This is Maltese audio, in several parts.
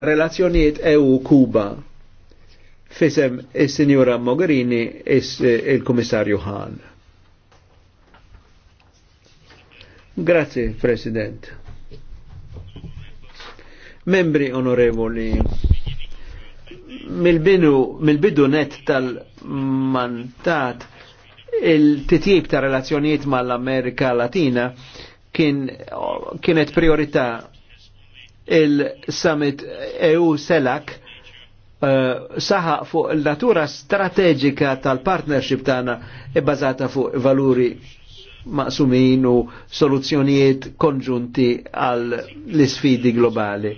relazzjoniet EU-Kuba fisem il-Sinjura Mogherini eh, il-Komissarju Hahn. Grazie, President. Membri onorevoli, mill-bidu mil net tal mantat il-titjib ta' relazzjoniet mal-Amerika Latina kien, kienet priorità il-summit EU Selak eh, saħa fuq il-natura strategika tal-partnership tana e bazata fuq valuri maqsumin u soluzzjonijiet konġunti għal l-isfidi globali.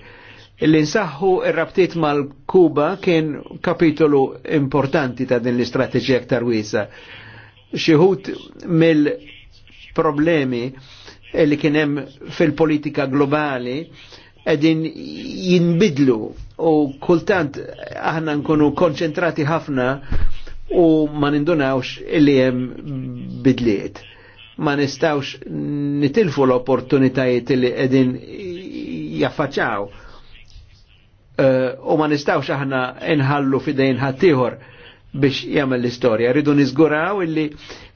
L-insaħħu il rabtiet mal-Kuba kien kapitolu importanti ta' din l-istrateġija aktar wisa. Xieħut mill-problemi li kienem fil-politika globali edin jinbidlu u kultant aħna nkunu konċentrati ħafna u ma nindunawx illi jem bidliet. Ma nistawx nitilfu l-opportunitajiet illi edin jaffaċaw eh, u ma nistawx aħna nħallu fidejn ħattijħor biex jagħmel l-istorja. Rridu niżguraw illi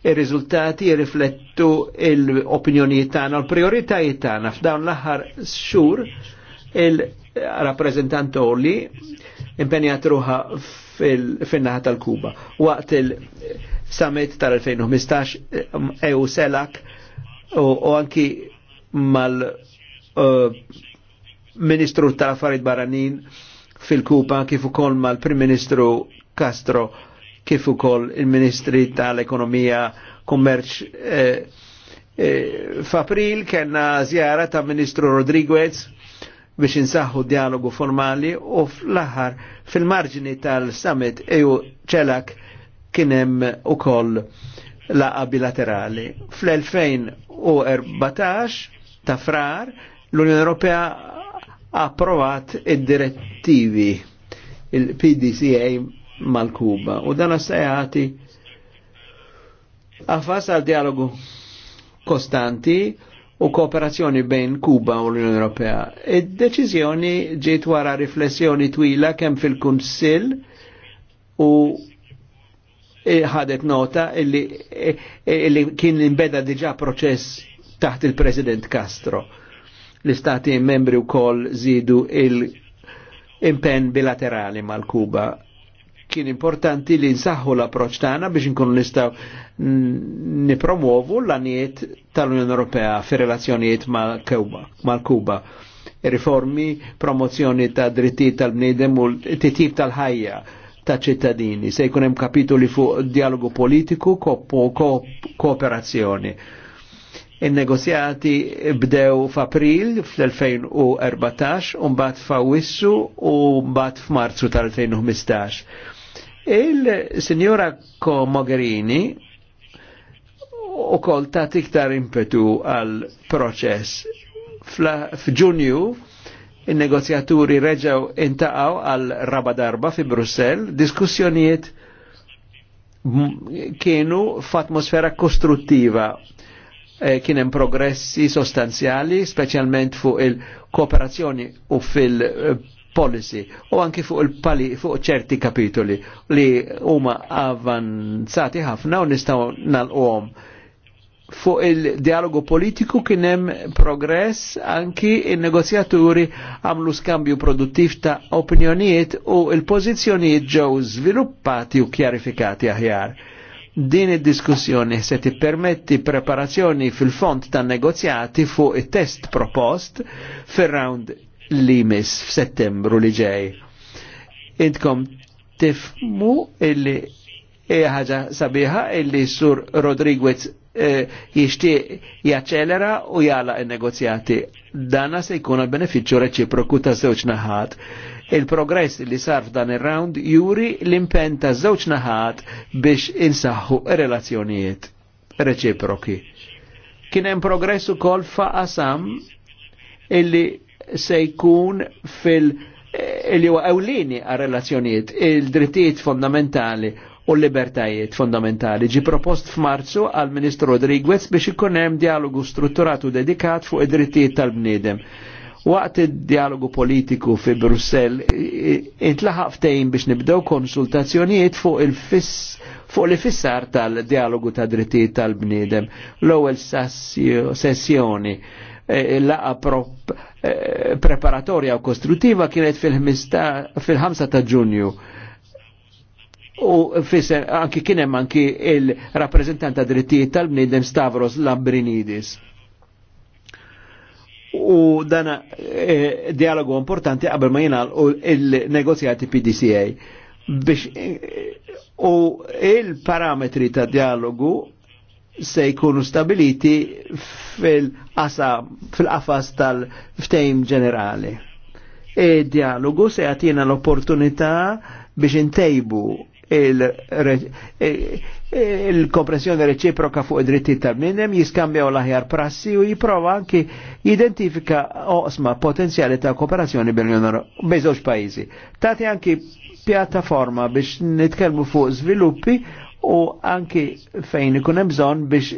il rizultati jirriflettu l opinjoni tagħna l-prijoritajiet tagħna f'dawn l-aħħar xhur il-rappreżentant Oli impenjat ruħa fin-naħa tal-Kuba. Waqt il-summit tal-2015 EU selak u anki mal Ministru tal-Affarijiet Barranin fil-Kuba kif ukoll mal-Prim Ministru Castro kif ukoll il-Ministri tal-Ekonomija Kummerċ eh, eh, f'April kellna żjara ta' Ministru Rodriguez biex insaħħu dialogu formali u fl-aħħar fil-marġini tal-summit EU ċelak kien hemm ukoll laqa bilaterali. Fl-2014 ta' frar l-Unjoni Ewropea approvat id-direttivi il-PDCA mal-Kuba. U dan assajati għafas għal dialogu kostanti u kooperazzjoni bejn Kuba u l-Unjoni Ewropea. id deċizjoni ġiet wara riflessjoni twila kemm fil-Kunsill u e, ħadet nota illi, e, e, illi kien imbeda diġa proċess taħt il-President Castro. L-istati membri u koll zidu il-impen bilaterali mal-Kuba kien importanti li nsaħħu l-approċ tagħna biex nkunu nistgħu nipromuovu l-għaniet tal-Unjoni Ewropea fi relazzjonijiet mal-Kuba. Riformi, promozzjoni ta' drittijiet tal-bniedem u titjib tal-ħajja ta' ċittadini. Se jkun hemm kapitoli fuq dialogu politiku kooperazzjoni. Il-negozjati bdew f'April fl-2014, u mbagħad f'Awissu u mbagħad f'Marzu tal-2015 Il-Signora Mogherini u kol ta' tiktar impetu għal proċess. F'Ġunju, il-negozjaturi reġaw intaqaw għal raba darba fi Brussel, diskussjonijiet kienu f'atmosfera kostruttiva. E, kien hemm progressi sostanzjali, speċjalment fuq il-kooperazzjoni u fil- policy u anki fuq il-pali fuq ċerti kapitoli li huma avanzati ħafna u nistgħu nagħlquhom. Fuq il-dialogu politiku kien hemm progress anki in-negozjaturi għamlu skambju produttiv ta' opinjonijiet u il-pożizzjonijiet ġew żviluppati u kjarifikati aħjar din id-diskussjoni se tippermetti preparazzjoni fil-font tan negozjati fuq it-test propost fir-round li mis f'Settembru li ġej. Intkom tifmu illi ħaġa sabiħa illi sur Rodriguez eh, jishtiq jaċċelera u jala il-negozjati. Dana se jkun għal beneficju reċiproku ta' żewġ naħat. Il-progress li sarf dan ir-round juri l-impen ta' żewġ naħat biex insaħħu relazzjonijiet reċiproki. Kien hemm progress ukoll fa' qasam illi se jkun fil- eh, li huwa ewlieni għal relazzjonijiet il-drittijiet fondamentali u l libertajiet fondamentali. Ġi propost f'Marzu għal Ministru Rodriguez biex ikun hemm dialogu u dedikat fuq id-drittijiet tal-bniedem. Waqt id-dialogu politiku fi Brussell intlaħaq ftejn biex nibdew konsultazzjonijiet fuq il-fiss fuq li fissar tal-dialogu ta' drittijiet tal-bniedem l-ewwel sessjoni Eh, laqa eh, preparatorja u kostruttiva kienet fil-5 ta' ġunju. U fisser anki kienem anki il-rappresentant ta' drittijiet tal-bnidem Stavros Lambrinidis. U dana eh, dialogu importanti qabel ma jenal il-negozjati PDCA u il-parametri ta' dialogu se jkunu stabiliti fil-qasa, fil-qafas tal-ftejm ġenerali. E dialogu se jagħtina l-opportunità biex intejbu e-, il-kompressjoni il, il reċiproka fuq id-dritti tal minem jiskambjaw l-aħjar prassi u jiprova anki jidentifika oqsma potenzjali ta' kooperazzjoni bejn żewġ pajjiżi. Tati anki pjattaforma biex nitkellmu fuq sviluppi u anki fejn ikun hemm bżonn biex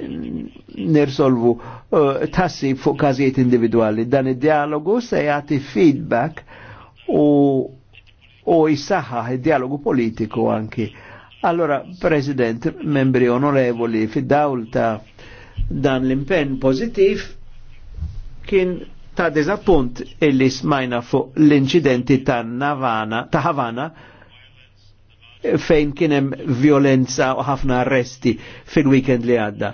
nirsolvu uh, tassib fuq każijiet individwali. Dan id-dialogu se jagħti feedback u u jisaħħaħ id-dialogu politiku anki. Allora, President, membri onorevoli, fid-dawl ta' dan l-impenn pozittiv kien ta' dizappunt illi smajna fuq l-inċidenti ta' Navana, ta' Havana, fejn kienem violenza u ħafna arresti fil-weekend li għadda.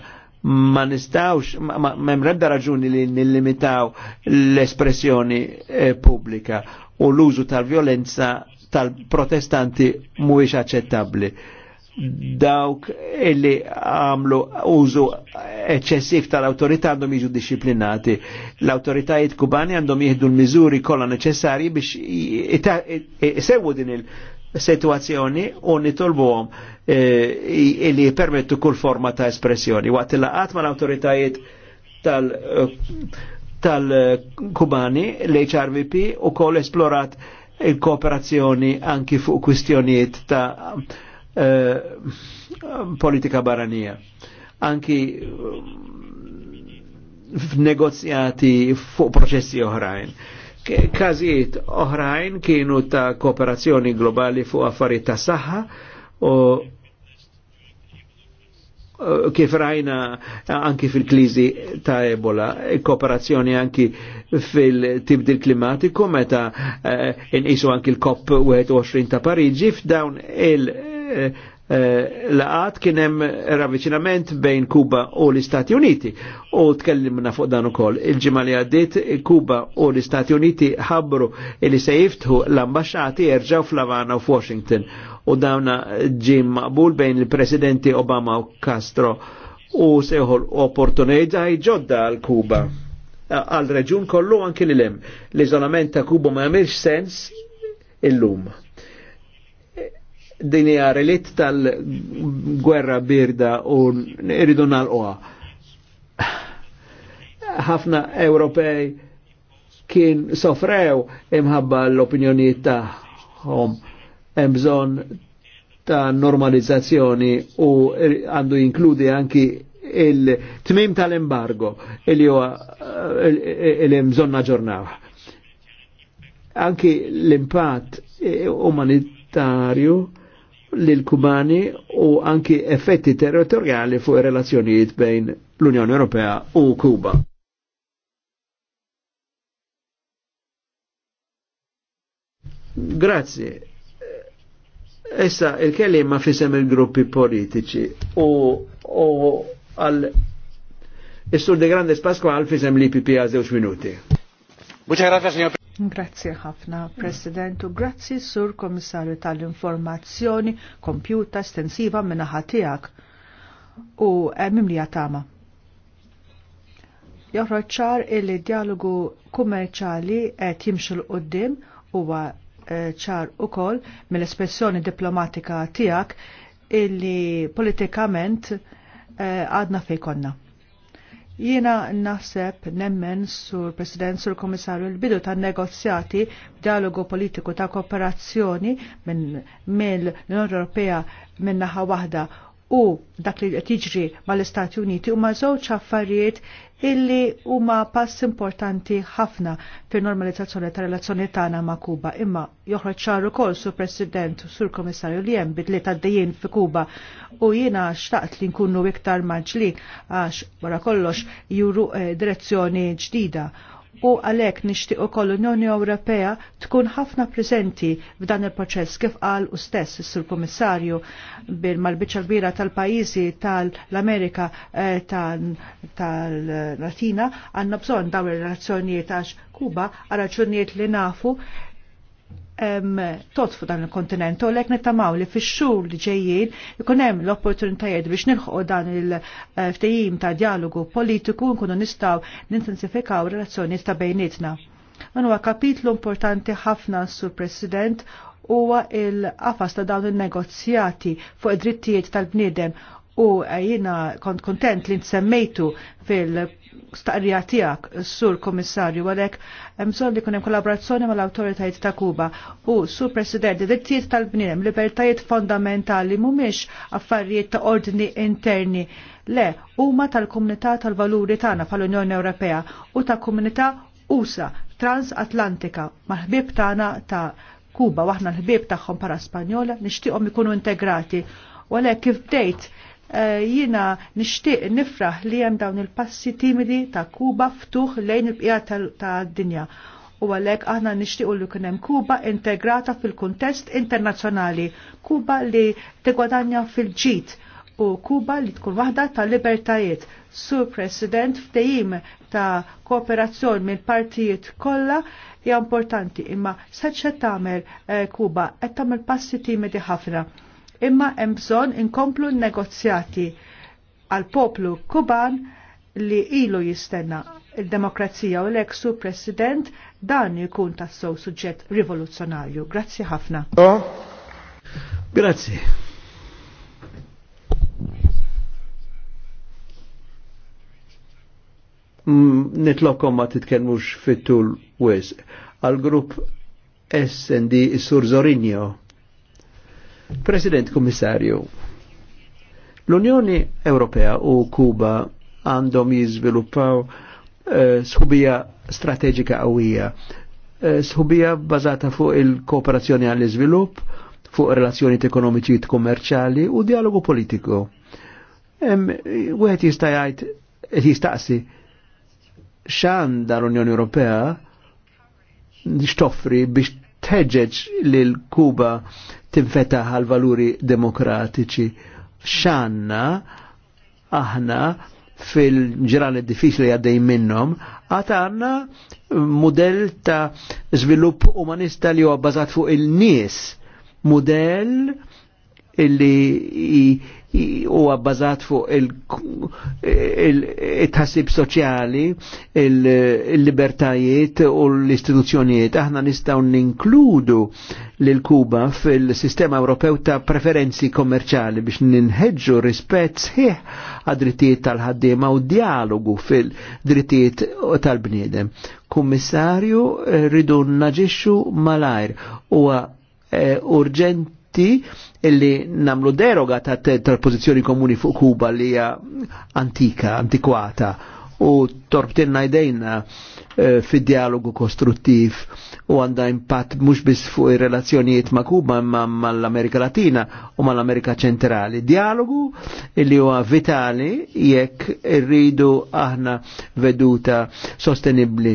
Ma nistawx, ma mrebda raġuni li nillimitaw l-espressjoni publika pubblika u l-użu tal-violenza tal-protestanti mhuwiex aċċettabbli. Dawk illi għamlu użu eċċessiv tal-autorità għandhom jiġu disciplinati. L-autoritajiet kubani għandhom jieħdu l-miżuri kollha neċessarji biex isewwu din il- situazzjoni u nitolbuhom eh, li permettu kull forma ta' espressjoni. Waqt il mal ma' l-autoritajiet tal-Kubani, tal eh, eh, l-HRVP u koll esplorat il-kooperazzjoni anki fuq kwistjonijiet ta' politika barranija. Anki f'negozjati fuq proċessi oħrajn. Kazijiet oħrajn kienu ta' kooperazzjoni globali fuq affarijiet ta' saħħa u kif rajna anki fil-klizi ta' Ebola, kooperazzjoni anki fil-tibdil klimatiku meta eh, inqisu anki l-COP 21 ta' Parigi f'dawn il- eh, Eh, laqat kien hemm bejn Kuba u l-Istati Uniti u tkellimna fuq dan ukoll. Il-ġimgħa li għaddiet Kuba u l-Istati Uniti ħabbru li se jiftħu l-ambaxxati jerġgħu fl-Havana u f'Washington. u dawna ġim maqbul bejn il-Presidenti Obama u Castro u seħol opportunità ġodda għal Kuba għal reġun kollu anki li lem. L-izolament ta' Kuba ma' jamilx sens illum din hija relitt tal-gwerra birda u irridu nagħlquha. Ħafna Ewropej kien sofrew imħabba l-opinjonijiet taħħom imbżon ta' normalizzazzjoni u għandu jinkludi anki il-tmim tal-embargo il li huwa il-mżonna ġurnaw. Anki l-impatt umanitarju l-Kumani u anki effetti territoriali fuq relazzjonijiet bejn l-Unjoni Ewropea u Kuba. Grazzi. Essa il-kelima fisem il-gruppi politiċi u, u għal Istur de Grandes Pasqual fisem l-IPP għal minuti. Muċa gracias, signor Grazzi ħafna, President, u Grazzi, Sur Komissarju tal-Informazzjoni, kompjuta, estensiva minna ħatijak u emim li jatama. Joħroċċar illi dialogu kummerċali qed jimxu l-qoddim huwa eh, ċar ukoll mill-espressjoni diplomatika tiegħek illi politikament eh, għadna fejkonna. Jiena naħseb nemmen sur President sur Komissarju l-bidu ta' negozjati dialogu politiku ta' kooperazzjoni minn mill-Unjoni Ewropea minn naħa waħda u dak li qed jiġri mal-Istati Uniti huma żewġ affarijiet illi huma pass importanti ħafna fil-normalizzazzjoni ta' relazzjoni tagħna ma' Kuba. Imma joħroġ ċar ukoll sur President, sur Komissarju li hemm bidli għaddejjin fi Kuba u jiena xtaqt li nkunu iktar maġli għax wara kollox juru eh, direzzjoni ġdida u għalek nishtiq ukoll l-Unjoni Ewropea tkun ħafna preżenti f'dan il-proċess kif qal u stess sur kummissarju bil mal-biċċa kbira tal-pajjiżi tal-Amerika eh, tal-Latina għandna bżonn dawn ir-relazzjonijiet għax Kuba għal raġunijiet li nafu totfu dan il-kontinent u lek nittamaw li fix-xhur li ġejjin ikun hemm l-opportunitajiet biex nilħu dan il ftejim ta' dialogu politiku nkunu nistgħu nintensifikaw relazzjonijiet ta' bejnietna. Dan huwa kapitlu importanti ħafna sur President huwa il-qafas ta' dawn il-negozjati fuq id-drittijiet tal-bniedem u eh, jina kont kontent li nsemmejtu fil staqrija tijak, sur komissarju, għalek, mżon li kunem kollaborazzjoni mal awtoritajiet ta' Kuba u sur president, drittijiet tal bniem libertajiet fondamentali, mumiex affarijiet ta' ordni interni, le, huma tal-komunità tal-valuri tagħna fl-Unjoni Ewropea u ta' komunità USA transatlantika mal ħbieb tagħna ta' Kuba, waħna l ħbieb tagħhom para Spanjola, nixtieqhom ikunu integrati. Għalek kif bdejt. Eh, jina nishtiq nifraħ li hemm dawn il-passi timidi ta' Kuba ftuħ lejn il-bqija tad-dinja. U għalek aħna u li kunem Kuba integrata fil-kontest internazzjonali, Kuba li tegwadanja fil-ġit u Kuba li tkun waħda ta' libertajiet. Sur President ftejim ta' kooperazzjoni mill partijiet kollha hija importanti imma saċċa tagħmel eh, Kuba qed tagħmel passi timidi ħafna imma hemm bżonn inkomplu l-negozjati għal poplu Kuban li ilu jistenna il-demokrazija u l-eksu president dan jkun tassow suġġett rivoluzzjonarju. Grazzi ħafna. Oh. Grazzi. Mm, Nitlokom ma titkelmux fit-tul wis. Għal-grupp SND Sur Zorinjo. President Kommissarju, l-Unjoni Ewropea u Kuba għandhom jizviluppaw eh, sħubija strateġika għawija, eh, sħubija bazata fuq il-kooperazzjoni għall-iżvilupp, fuq relazzjoni ekonomiċi kummerċali u dialogu politiku. għet jistajajt, jgħid jistaqsi x'għandha l-Unjoni Ewropea nixtoffri biex teġeġ lil Kuba tinfeta għal valuri demokratiċi. Xanna, aħna, fil-ġrali diffiċli għaddej minnom, għatanna model ta' svilupp umanista li huwa bbażat fuq il-nies, model illi huwa bbażat fuq il-tħassib il, il soċjali, il-libertajiet il u l-istituzzjonijiet. Aħna nistgħu ninkludu lil Kuba fil-sistema Ewropew ta' preferenzi kommerċali biex ninħeġġu rispett sħiħ għad-drittijiet tal-ħaddiema u dialogu fil-drittijiet tal-bniedem. Kummissarju eh, rridu naġixxu malajr huwa eh, urġenti illi namlu deroga ta' tal-pozizjoni komuni fuq Kuba li hija antika, antikwata u torbtinna idejna eh, fid-dialogu kostruttiv u għanda impatt mux biss fuq il-relazzjonijiet ma' Kuba ma' mal-Amerika Latina u mal-Amerika Ċentrali. Dialogu illi huwa vitali jekk irridu aħna veduta sostenibli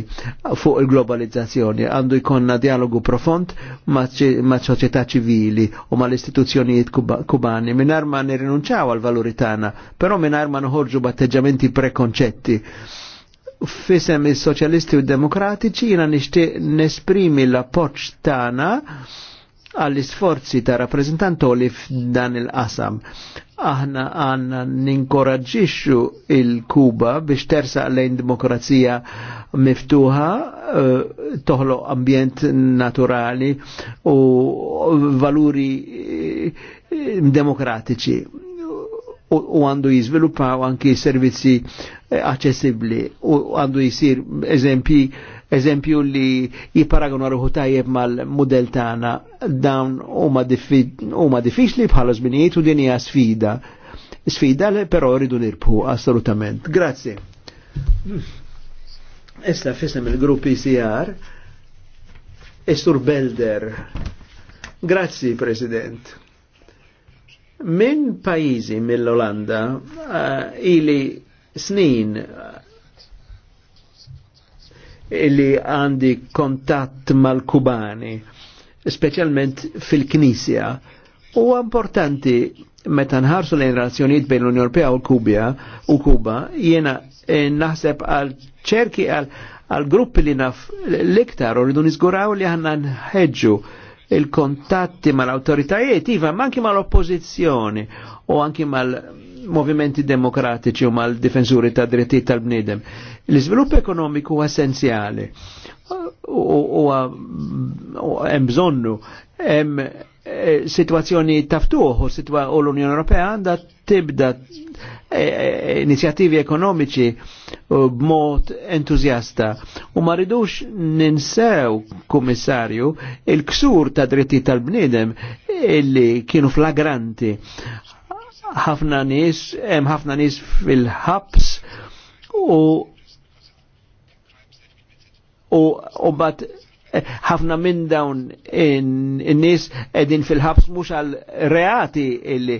fuq il-globalizzazzjoni. Għandu jkonna dialogu profond ma' soċjetà ċivili u ma' l-istituzzjonijiet kubani minar ma' nirrinunċaw għal valuritana però minar ma' nħorġu b'atteġġamenti prekonċetti Fisem il-Soċjalisti u Demokratiċi jina nixtieq nesprimi l-appoġġ tana għall-isforzi ta' rappresentantoli f'dan il-qasam. Aħna għanna ninkoraġġixxu il-Kuba biex tersa lejn demokrazija miftuħa, toħlo eh, toħloq ambjent naturali u valuri eh, demokratiċi u għandu jizviluppaw anki servizzi eh, accessibli u għandu jisir eżempi eżempju li jiparagonu għarruħu tajjeb mal model tana dawn u huma diffiċli bħala żminijiet u dinija sfida. Sfida li pero rridu nirbħu assolutament. Grazie. Issa fissem il-grupp ICR e Estur Belder. Grazie, President minn pajizi mill-Olanda uh, ili snin eh, illi għandi kontatt mal-Kubani, specialment fil-Knisja. U importanti meta nħarsu l razzjoniet bejn l-Unjoni Ewropea u Kubja u Kuba, jiena eh, naħseb għal ċerki għal gruppi li naf l-iktar u rridu nizguraw li għanna nħedġu Uh, il-kontatti mal-autoritajiet, iva, ma anki mal-oppozizjoni u anki mal-movimenti demokratiċi u mal-difensuri ta' drittijiet tal-bnidem. L-izvilupp ekonomiku huwa essenzjali u hemm bżonnu hemm eh, situazzjoni taftuħ u l-Unjoni Ewropea għandha tibda Eh, eh, inizjattivi ekonomiċi eh, b'mod entuzjasta. U ma ridux ninsew, kummissarju, il-ksur ta' dritti tal-bnidem illi kienu flagranti. ħafna nis, hemm ħafna nis fil-ħabs u u, u bat ħafna minn dawn in-nies edin fil-ħabs mhux għal reati illi e,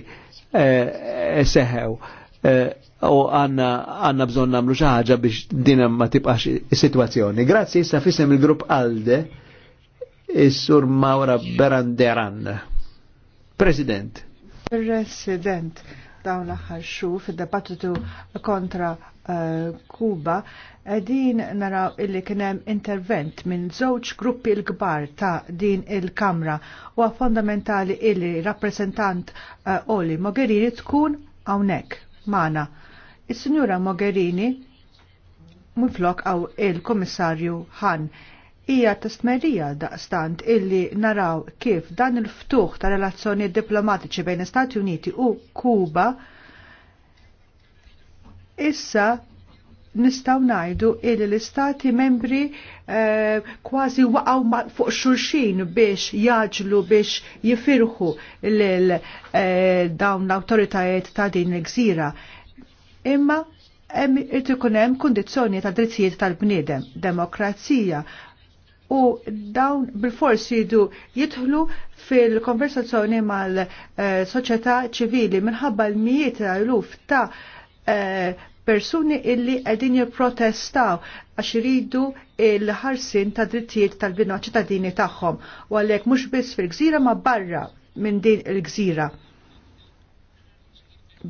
e, seħew Eh, u għanna għanna bżon namlu xaħġa biex dina ma tibqax situazzjoni. Grazzi, issa fissem il-grupp Alde, is-sur Maura Beranderan. President. President, dawn l-axar xuf, id-debattitu kontra eh, Kuba, din naraw illi kienem intervent minn żewġ gruppi l-kbar ta' din il-Kamra u fondamentali illi rappresentant eh, Oli Mogherini tkun hawnhekk mana. Is-Sinjura Mogherini muflok għaw il-Komissarju Han hija tastmerija daqstant illi naraw kif dan il-ftuħ ta' relazzjoni diplomatiċi bejn Stati Uniti u Kuba issa nistaw najdu il l-istati membri eh, kważi waqaw fuq xurxin biex jaġlu biex jifirħu l-dawn eh, l-autoritajiet ta' din l-gżira. Imma irid ikun hemm kundizzjoni ta' drittijiet tal-bniedem, demokrazija, u dawn bil forsi jidu jidħlu fil-konversazzjoni mal-soċjetà eh, ċivili minħabba l-mijiet ta' iluf ta' eh, persuni illi qegħdin jipprotestaw għax iridu il-ħarsin ta' drittijiet tal-bina ċittadini tagħhom u għalhekk mhux biss fil-gżira ma' barra minn din il-gżira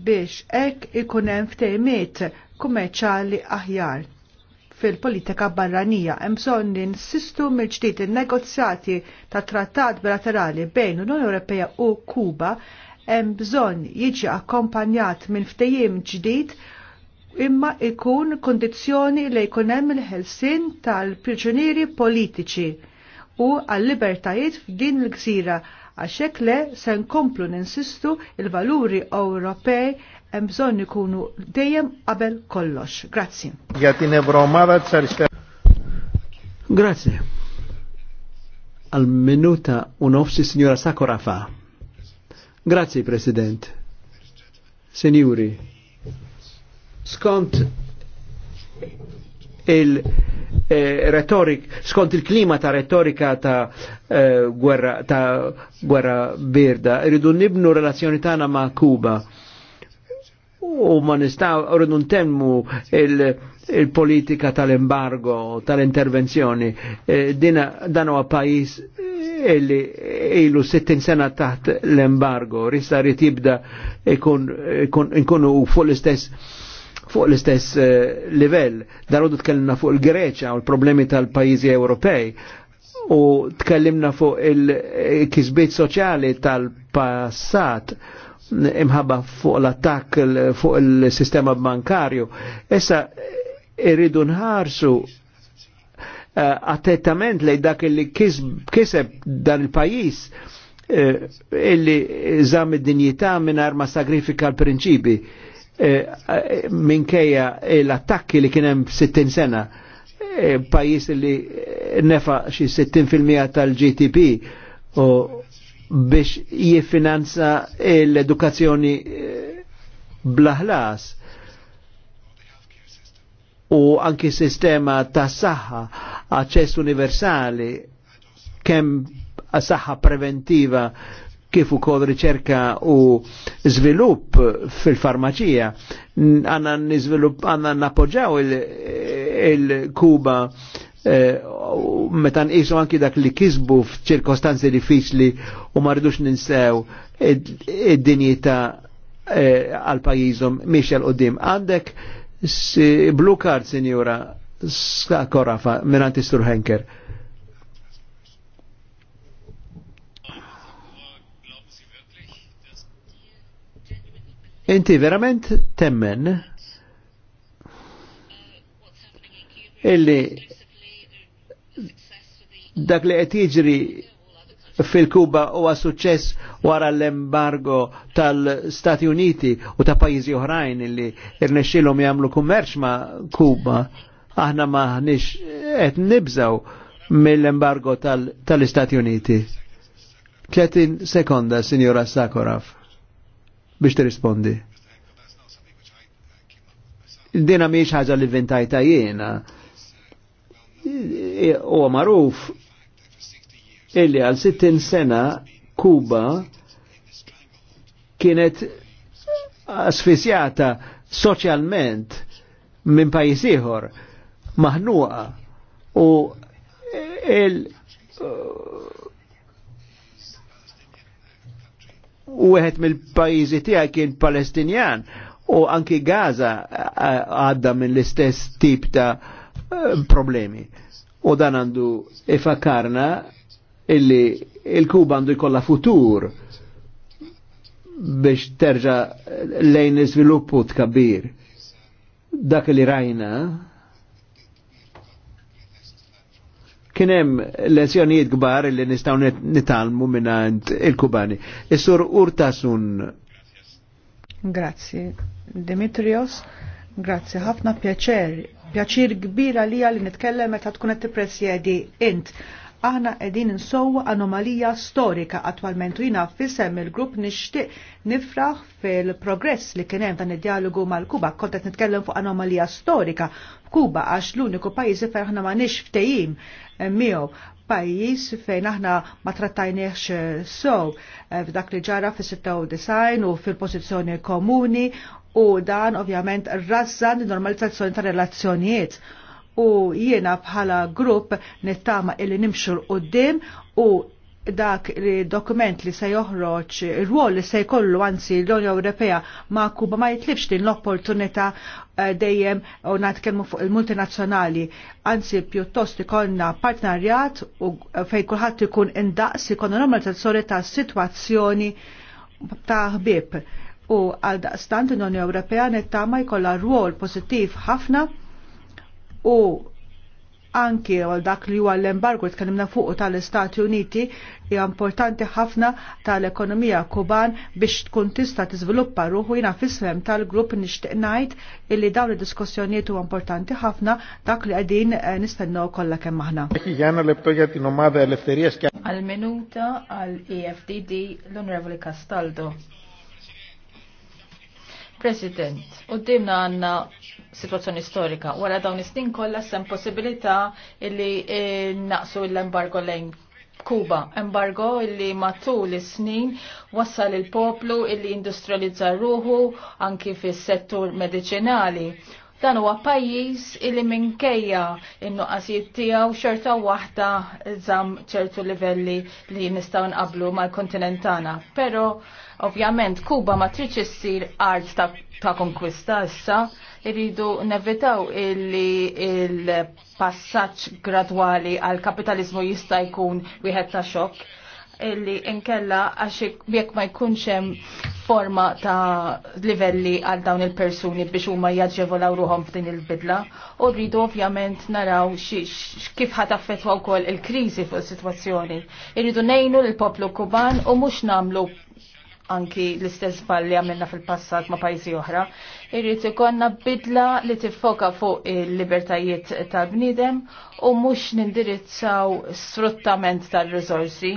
biex ek ikunem ftejmiet kummerċali aħjar fil-politika barranija hemm li nsistu mill-ġdid in negozjati ta' trattat bilaterali bejn l-Unjoni Ewropea u Kuba hemm bżonn jiġi akkompanjat minn ftehim ġdid imma ikun kondizzjoni li jkun hemm il-ħelsin tal-priġunieri politiċi u għall-libertajiet f'din il-gżira għaxek le se nkomplu ninsistu il-valuri Ewropej hemm bżonn ikunu dejjem qabel kollox. Grazzi. Grazzi. Al-minuta u offsi signora Sakorafa. Grazzi, President. Signori, skont il- eh, retorik, skont il-klima ta' retorika ta' eh, gwerra, ta' gwerra birda, irridu nibnu relazzjoni tana ma' Kuba. U ma nistaw, irridu ntemmu il-politika il il politika tal tal-intervenzjoni. eh, dina dan huwa pajis eh, illi ilu 60 sena taħt l-embargo, rissa rrit jibda ikun ikunu fuq l-istess fuq l-istess eh, livell. Darodu tkellimna fuq il-Greċa u l-problemi tal-pajizi Ewropej u tkellimna fuq il-kisbiet soċjali tal-passat imħabba fuq l-attak fuq il-sistema bankarju. Issa irridu nħarsu eh, attettament lej dak li kiseb dan il-pajis eh, illi zam id-dinjità minn arma sagrifika l-prinċipi Eh, eh, minkejja eh, l-attakki li kienem 60 sena pajis li nefa xi 60% tal-GTP u biex jiffinanza l-edukazzjoni blaħlas u anki sistema ta' saħħa aċċess universali kemm saħħa preventiva kif ukoll riċerka u żvilupp fil-farmaċija. għandna niżvilupp għandna nappoġġaw il-Kuba eh, meta nqisu anki dak li kisbu f'ċirkostanzi diffiċli u ma rridux ninsew id-dinjità eh, għal pajjiżhom miex għal qudiem. Għandek blue card, sinjura, skakorafa, minn Istur Henker. Inti verament temmen illi dak li qed jiġri fil-Kuba huwa suċċess wara l-embargo tal-Stati Uniti u ta' pajjiżi oħrajn illi irnexxilhom jagħmlu kummerċ ma' Kuba, aħna maħniex qed nibżaw mill-embargo tal-Istati Uniti. 30 sekonda, Sinjora Sakoraf biex t-rispondi. Dina miex ħaġa li vintajta jiena. U maruf illi għal 60 sena Kuba kienet asfisjata soċjalment minn pajisiħor ieħor maħnuqa u il u għed mill-pajizi tiegħi kien palestinjan u anki Gaza għadda minn l-istess tip ta' eh, problemi. U dan għandu ifakarna illi il-Kuba għandu jkolla futur biex terġa lejn l sviluppu tkabbir. Dak li rajna Kien hemm lezzjonijiet kbar li nistgħu nitalmu mingħand il-Kubani. Is-sur Urtasun. Grazzi. Dimitrios, grazzi ħafna pjaċer. Pjaċir kbira li li nitkellem meta tkun qed tippresjedi int aħna qegħdin insowwa anomalija storika attualment u jina fissem il-grupp nixtieq nifraħ fil-progress li kien hemm dan id-dialogu mal-Kuba kont qed nitkellem fuq anomalija storika f'Kuba għax l-uniku pajjiż fejn aħna nix ftehim eh, miegħu pajjiż fejn aħna ma trattajniex eh, sow eh, f'dak li ġara fis-96 u fil-pożizzjoni komuni u dan ovvjament razzan normalizzazzjoni ta' relazzjonijiet u jiena bħala grupp nittama illi nimxu qoddim u dak li dokument li se joħroġ, il wol li se jkollu anzi l-Unja Ewropea ma' Kuba ma jitlibx din l-opportunità eh, dejjem u natkellmu fuq il-multinazzjonali, anzi pjuttost ikonna partnerjat u eh, fej kulħadd ikun indaqs ikonna normalizzazzjoni ta' sitwazzjoni ta' ħbieb. U għal daqstant l-Unja Ewropea nittama jkollha rwol pożittiv ħafna u anki għal dak li huwa l-embargo tkellimna fuq tal-Istati Uniti hija importanti ħafna tal-ekonomija kuban biex tkun tista' tiżviluppa ruħu jiena fismem tal-grupp nixtieq ngħid illi dawn id-diskussjonijiet huwa importanti ħafna dak li qegħdin eh, nistennew kollha kemm aħna. Għal minuta għal EFDD l-Onorevoli Castaldo. President, u dimna għanna situazzjoni storika. Wara dawn is-snin kollha sem possibilità illi eh, naqsu l-embargo lejn Kuba. Embargo illi matul is-snin wassal il-poplu illi industrializza ruħu anki fis-settur medicinali Dan huwa pajjiż illi minkejja in-nuqqasijiet tiegħu xorta waħda żamm ċertu livelli li nistgħu nqablu mal-kontinent tagħna. Però ovvjament Kuba ma tridx issir art ta', ta konkwista issa irridu nevitaw illi il passaġġ gradwali għal kapitalizmu jista' jkun wieħed ta' xokk illi inkella għax jekk ma jkunx hemm forma ta' livelli għal dawn il-persuni biex huma jaġġevolaw ruhom f'din il-bidla. U rridu ovvjament naraw kif ħat affettwa wkoll il-kriżi fuq is-sitwazzjoni. Irridu ngħinu lill-poplu Kuban u mhux nagħmlu anki l-istess balli għamilna fil-passat ma' pajzi oħra. Irrid ikonna bidla li tiffoka fuq il-libertajiet tal-bnidem u mhux nindirizzaw sfruttament tal-riżorsi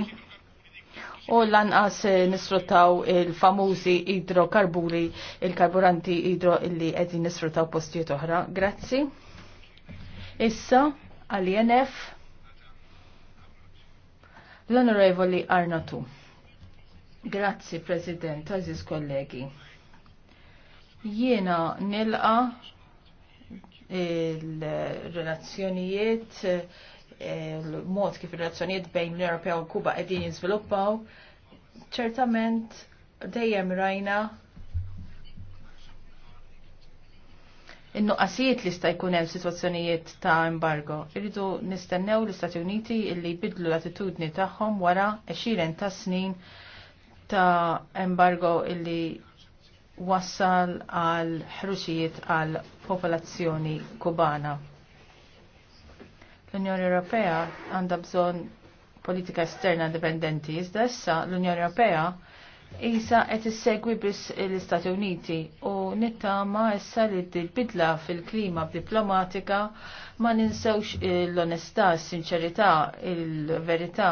u lanqas eh, nisfruttaw il-famużi idrokarburi, il-karburanti idro illi qegħdin nisfruttaw postijiet oħra. Grazzi. Issa għal-INF e l-Onorevoli Arnatu. Grazzi, President, għaziz kollegi. Jiena nilqa il-relazzjonijiet l-mod kif ir razzjonijiet bejn l Ewropea u Kuba qegħdin jizviluppaw, ċertament dejjem rajna In-nuqqasijiet li sta jkun hemm sitwazzjonijiet ta' embargo. Irridu nistennew l-Istati Uniti illi jbidlu l-attitudni tagħhom wara 20 ta' snin ta' embargo illi wassal għal ħruxijiet għal popolazzjoni kubana. L-Unjoni Ewropea għandha bżonn politika esterna dipendenti, iżda issa l-Unjoni Ewropea Isa qed issegwi biss l-Istati Uniti u nittama issa li d-bidla fil-klima diplomatika ma ninsewx l-onestà, s-sinċerità, il-verità.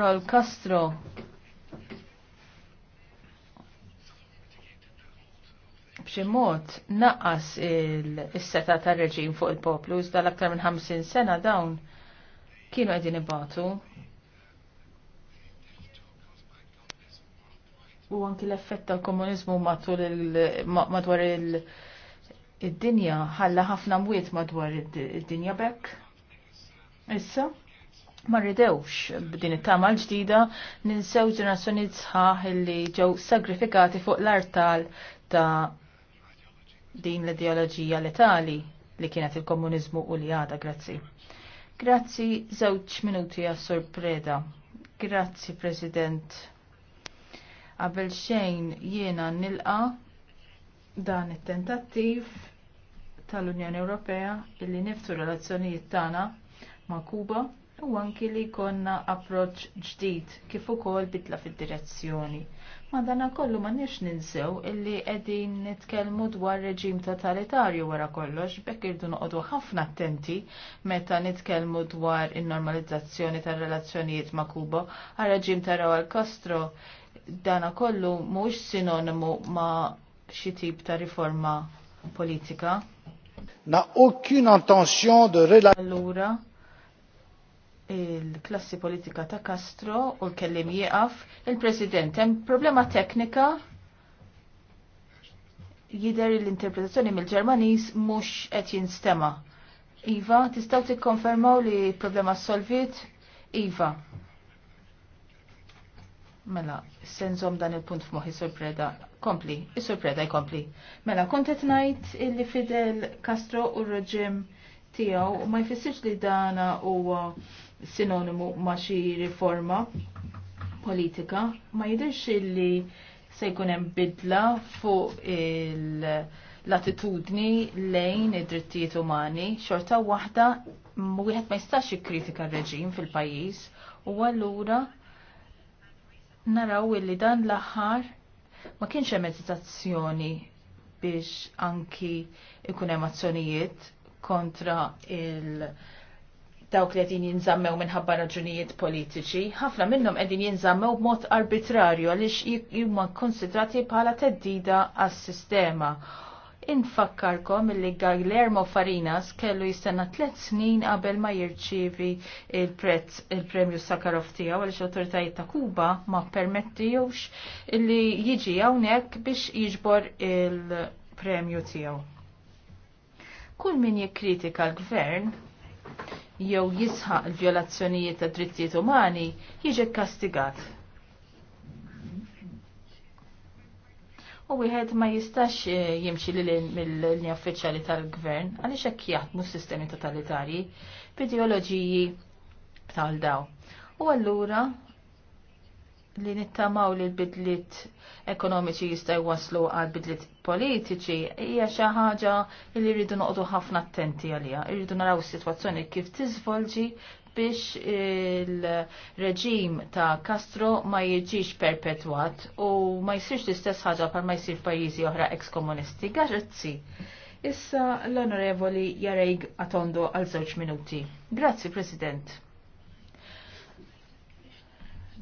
Rol Castro b'xi mod naqas is-seta tar-reġim fuq il-poplu iżda l-aktar minn 50 sena dawn kienu qegħdin ibatu. U anki l-effett tal-komuniżmu matul madwar il-dinja ħalla ħafna mwiet madwar id-dinja bekk. Issa, ma ridewx b'din it-tama l-ġdida ninsew ġenerazzjoni sħaħ li ġew sagrifikati fuq l-artal ta' din l-ideoloġija letali li kienet il-komunizmu u li għada, grazzi. Grazzi, zewċ minuti għas sorpreda. Grazzi, President. Għabel xejn jiena nilqa dan it-tentattiv tal-Unjoni Ewropea illi niftu relazzjonijiet tagħna ma' Kuba u anki li jkollna approċċ ġdid kif ukoll bidla fid-direzzjoni Madana kollu ma nix ninsew illi edin nitkelmu dwar reġim totalitarju wara kollox, bekk irdu noqogħdu ħafna attenti meta nitkelmu dwar in-normalizzazzjoni tar-relazzjonijiet ma' Kuba għal reġim ta' Raul Castro. Dana kollu mhux sinonimu ma' xi tip ta' riforma politika. Na' aucune intenzjon de relazzjoni. Allura, il-klassi politika ta' Castro u l-kellim jieqaf il-President. Hemm problema teknika jider l-interpretazzjoni mill-Ġermaniż mhux qed jinstema. Iva, tistgħu tikkonfermaw li problema solvit? Iva. Mela, senżom dan il-punt f'moħi sorpreda. Kompli, is-sorpreda jkompli. Mela, kont qed ngħid illi Fidel Castro u r-reġim tiegħu ma jfissirx li dana huwa uh, sinonimu ma xi riforma politika, ma jidirx li se jkun hemm bidla fuq l-attitudni lejn id-drittijiet umani, xorta waħda wieħed ma jistax jikkritika r-reġim fil-pajjiż u allura naraw li dan l-aħħar ma kienx hemm eżitazzjoni biex anki ikun hemm azzjonijiet kontra il- dawk li qegħdin jinżammew minħabba raġunijiet politiċi, ħafna minnhom qegħdin jinżammew b'mod arbitrarju għaliex huma konsidrati bħala teddida għas-sistema. Infakkarkom li Guillermo Farinas kellu jistenna tliet snin qabel ma jirċievi il-prezz il-premju Sakharov tiegħu għaliex l-awtoritajiet ta' Kuba ma permettijux li jiġi hawnhekk biex jiġbor il-premju tiegħu. Kull min jikkritika l-gvern jew jisħaq l vjolazzjonijiet ta' drittijiet umani jiġi kastigat. U wieħed ma jistax eh, jimxi li mill-linja uffiċjali tal-gvern għaliex hekk jaħdmu s-sistemi totalitarji b'ideoloġiji tal daw. U allura li nittamaw li l-bidlit ekonomiċi jista' waslu għal bidlit politiċi hija xi ħaġa li rridu noqogħdu ħafna attenti għaliha. Irridu naraw is-sitwazzjoni kif tiżvolġi biex il-reġim ta' Castro ma jiġix perpetwat u ma jsirx l-istess ħaġa par ma jsir pajjiżi oħra komunisti. Garazzi. Issa l-Onorevoli Jarejg Atondo għal żewġ minuti. Grazzi, President.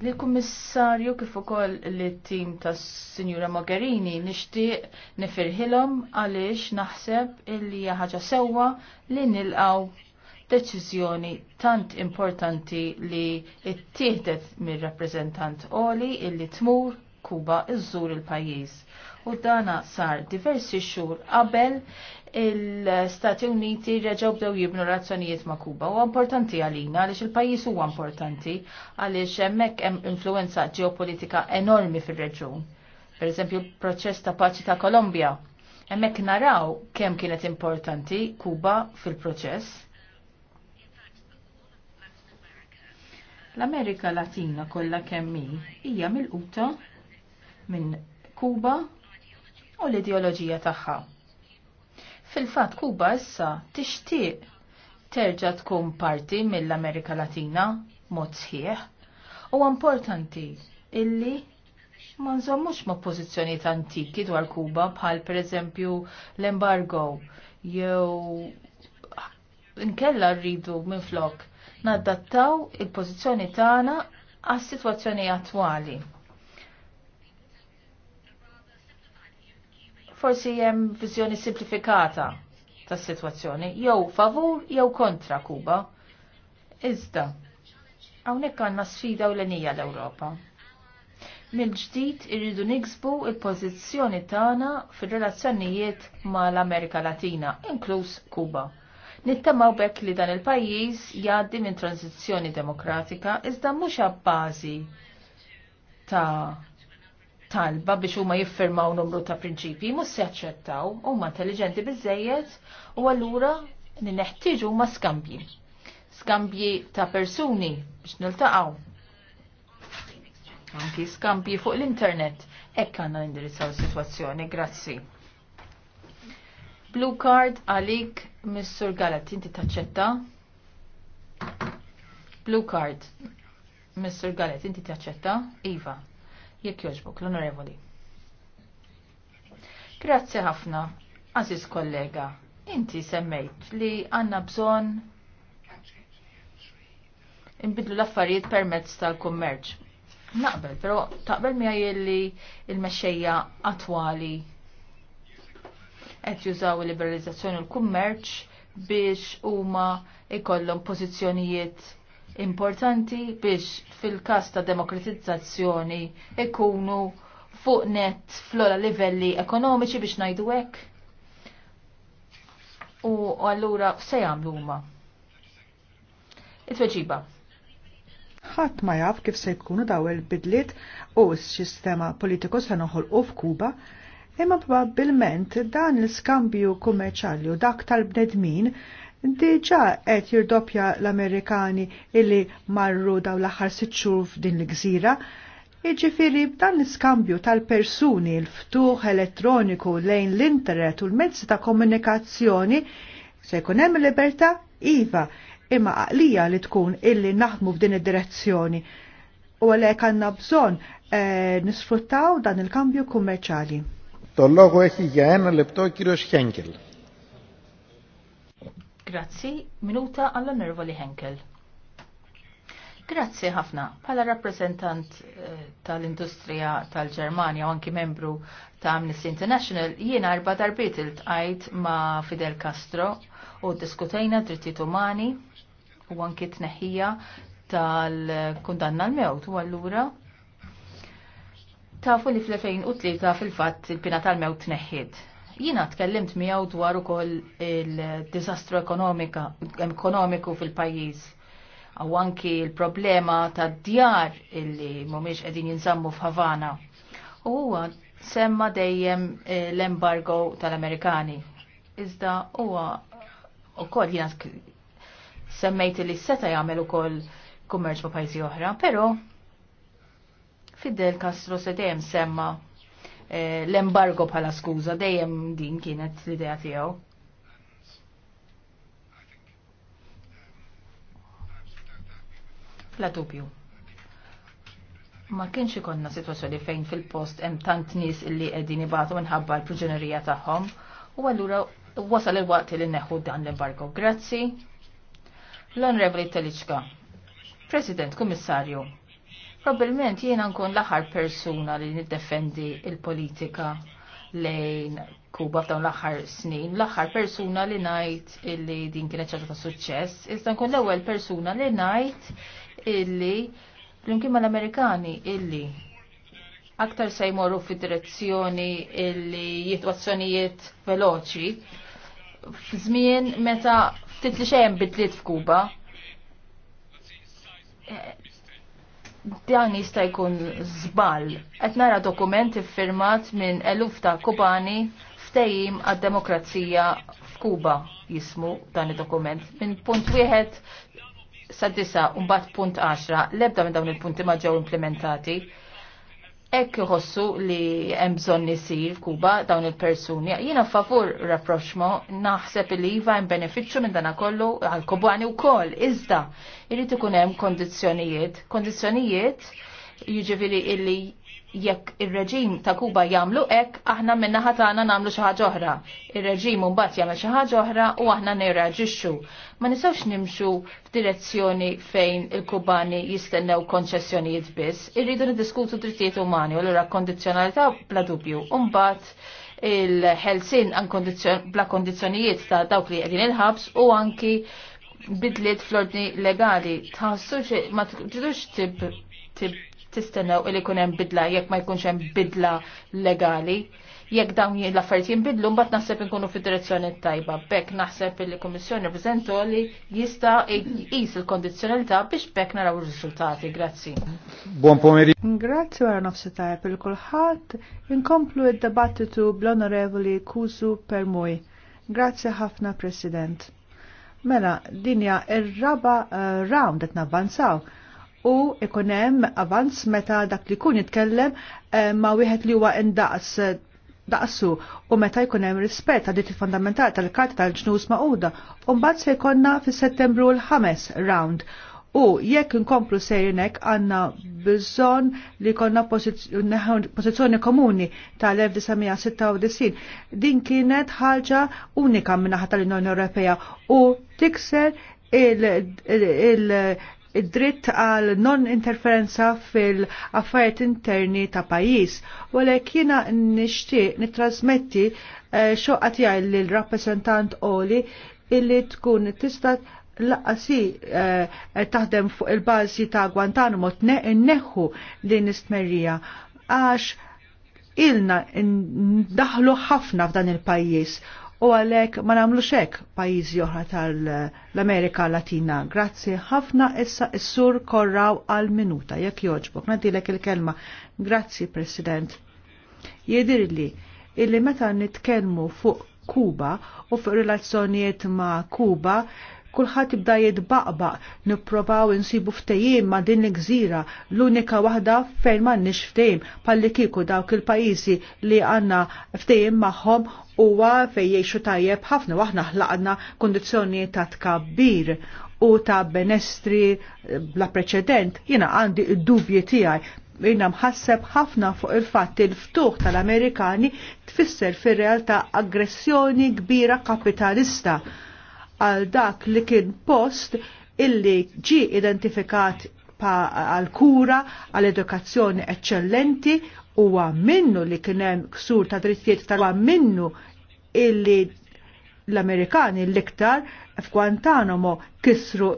Li kummissarju kif ukoll li tim tas Sinjura Mogherini nixtieq nifirħilhom għaliex naħseb illi hija ħaġa sewwa li nilqaw deċiżjoni tant importanti li ttieħdet mir-rappreżentant Oli illi tmur Kuba iżżur il-pajjiż. U dana sar diversi xhur qabel il-Stati Uniti reġgħu bdew jibnu razzjonijiet ma' Kuba. Huwa importanti għalina għaliex il-pajjiż huwa importanti għaliex hemmhekk hemm influenza ġeopolitika enormi fir-reġjun. Per eżempju, proċess ta' paċi ta' Kolombja. Hemmhekk naraw kemm kienet importanti Kuba fil-proċess. l-Amerika Latina kollha kemmi hija milquta minn Kuba u l-ideoloġija tagħha. Fil-fat Kuba issa tixtieq terġa' tkun parti mill-Amerika Latina mod sħiħ. U importanti illi ma nżommux ma' pożizzjonijiet antiki dwar Kuba bħal pereżempju l-embargo jew nkella rridu minflok naddattaw il-pożizzjoni tagħna għas-sitwazzjoni attwali. forsi hemm viżjoni simplifikata tas-sitwazzjoni, jew favur jew kontra Kuba. Iżda, hawnhekk għandna sfida u l-Ewropa. Mill-ġdid irridu niksbu il-pożizzjoni tagħna fir-relazzjonijiet mal-Amerika Latina, inkluż Kuba. Nittamaw bekk li dan il-pajjiż jaddi minn tranzizjoni demokratika iżda mhux abbażi ta' talba biex huma jiffirmaw numru ta' prinċipji mhux se jaċċettaw, huma intelligenti biżejjed u allura li huma skambji. Skambji ta' persuni biex niltaqgħu. Anki skambji fuq l-internet. Ekk għandna indirizzaw is-sitwazzjoni, grazzi. Blue card għalik Mr. Galat, inti taċċetta? Blue card. Mr. Galet, inti taċċetta? Iva. Jekk joġbok, l-onorevoli. Grazzi ħafna, aziz kollega. Inti semmejt li għanna bżon imbidlu l-affarijiet permezz tal-kummerċ. Naqbel, pero taqbel mi li il-mexxejja attwali qed jużaw il-liberalizzazzjoni u l-kummerċ biex huma ikollhom pożizzjonijiet importanti biex fil-kas ta' demokratizzazzjoni ikunu fuq net flora livelli ekonomiċi biex najdu hekk. U allura se jagħmlu huma. It-tweġiba ħadd ma jaf kif se jkunu daw il-bidliet u s-sistema politiku se noħolqu f'Kuba, imma probabbilment dan l-iskambju kummerċali u dak tal-bnedmin diġa qed jirdoppja l-Amerikani illi marru daw l-aħħar sitt f'din l-gżira. Iġifiri b'dan l-iskambju tal-persuni l-ftuħ elettroniku lejn l-internet u l-mezzi ta' komunikazzjoni se jkun hemm libertà iva imma għalija li tkun illi naħdmu f'din id-direzzjoni. U għalhekk għandna bżonn e, nisfruttaw dan il-kambju kummerċali. Tollogu eħi jgħena l-ibtoj kirux xħenkel. Grazzi, minuta għall li Henkel. Grazzi ħafna. Pala rappresentant eh, tal-industrija tal-Germania u anki membru ta' Amnesty International, jiena arba darbiet il-tqajt ma' Fidel Castro u diskutejna drittijiet umani u anki tneħħija tal-kundanna l-mewt u allura tafu li fl-2003 fil-fatt il-pina tal-mewt tneħħiet Jiena tkellimt miegħu dwar ukoll il-diżastru ekonomiku fil-pajjiż. Aw anki l-problema tad djar illi mhumiex qegħdin jinżammu f'Havana. U huwa semma dejjem eh, l-embargo tal-Amerikani. Iżda huwa ukoll jiena semmejt li seta jagħmel ukoll kummerċ ma' pajjiżi oħra, però Fidel Castro se dejjem semma Eh, l-embargo bħala skuża, dejjem din kienet l-idea tiegħu. La tupju. Ma kienx ikonna sitwazzjoni fejn fil-post hemm tant nies illi qegħdin ibatu minħabba l-proġenerija tagħhom u allura wasal il-waqt li neħu dan l-embargo. Grazzi. L-Onrevoli Teliċka. President, Kummissarju, Probabilment jiena nkun l-aħħar persuna li niddefendi il-politika lejn Kuba f'dawn l-aħħar snin, l-aħħar persuna li ngħid illi din kienet ċerta ta' suċċess, iżda nkun l-ewwel persuna li ngħid illi flimkien mal-Amerikani illi aktar se jmorru fid-direzzjoni illi jitwazzjonijiet veloċi f'żmien meta ftit li xejn bidliet f'Kuba dan jista' jkun żball. Qed nara dokument iffirmat minn eluf ta' Kubani ftehim għad-demokrazija f'Kuba jismu dan id-dokument. Minn punt wieħed sa' disa' u mbagħad punt 10 l-ebda minn dawn il-punti ma ġew implementati. Ekk jħossu li hemm bżonn isir f'Kuba dawn il-persuni. Jiena favur rapproċmo naħseb li iva hemm benefiċċju minn dana kollu għal u wkoll. Iżda jrid ikun hemm kondizzjonijiet, kondizzjonijiet jiġifieri illi jekk ir-reġim ta' Kuba jagħmlu hekk, aħna minna ħatana nagħmlu xi ħaġa oħra. Ir-reġim mbagħad jagħmel xi ħaġa oħra u aħna nirraġixxu. Ma nistgħux nimxu f'direzzjoni fejn il-Kubani jistennew konċessjonijiet biss. Irridu niddiskutu drittijiet umani u lura kondizzjonalità bla dubju. U mbagħad il-ħelsin bla kondizzjonijiet ta' dawk li qegħdin il-ħabs u anki bidliet fl-ordni legali. Tħassu ma tridux tib tistennew li jkun hemm bidla jekk ma jkunx hemm bidla legali. Jekk dawn l-affarijiet jinbidlu mbagħad naħseb inkunu fid-direzzjoni tajba. Bekk naħseb li l-Kummissjoni li jista' jqis il-kondizzjonalità biex bekk naraw ir-riżultati. Grazzi. Buon pomeriggio. Grazzi wara nofsi tajb il kulħadd. Inkomplu id-dibattitu bl-Onorevoli Kusu mui. Grazzi ħafna President. Mela, dinja ir-raba eh, round qed navvanzaw u ikunem avanz meta dak li kun jitkellem eh, ma wieħed li huwa indaqs daqsu u meta jkun hemm rispett għad il fundamentali tal-karta tal-ġnus maquda u mbagħad se jkollna fis-Settembru l-ħames round. U jekk nkomplu sejrinek għanna bżon li konna pozizjoni komuni tal-1996. Din kienet ħaġa unika minna ħata l-Unjoni Ewropea u tikser il id-dritt għal non-interferenza fil-affarijiet interni ta' pajis. Walek jina nishtiq nitrasmetti eh, xoqqa tiegħi lill-rappresentant Oli illi tkun tista' laqasi eh, taħdem fuq il-bażi ta' Guantanamo neħu li istmerija għax ilna ndaħlu ħafna f'dan il-pajjiż u għalek ma namlu xek pajizi oħra tal-Amerika Latina. Grazzi ħafna issa s-sur korraw għal minuta, jekk joġbok, nadilek il-kelma. Grazzi, President. Jedirli, illi meta nitkelmu fuq Kuba u fuq relazzjonijiet ma' Kuba, kulħadd ibda jitbaqbaq nipprovaw insibu ftejim ma' din il-gżira l-unika waħda fejn m'għandniex ftejim palli kieku dawk il-pajjiżi li għandna ftejim magħhom huwa fejn jgħixu tajjeb ħafna waħna ħlaqna kondizjoni ta' tkabbir u ta' benestri eh, bla preċedent Jina għandi id-dubji tiegħi jina mħasseb ħafna fuq il-fatt il-ftuħ tal-Amerikani tfisser fir-realtà aggressjoni kbira kapitalista għal dak li kien post illi ġi identifikat għal kura, għal edukazzjoni eccellenti u minnu li kienem ksur ta' drittijiet tal minnu illi l-Amerikani l-iktar f'Guantanamo kisru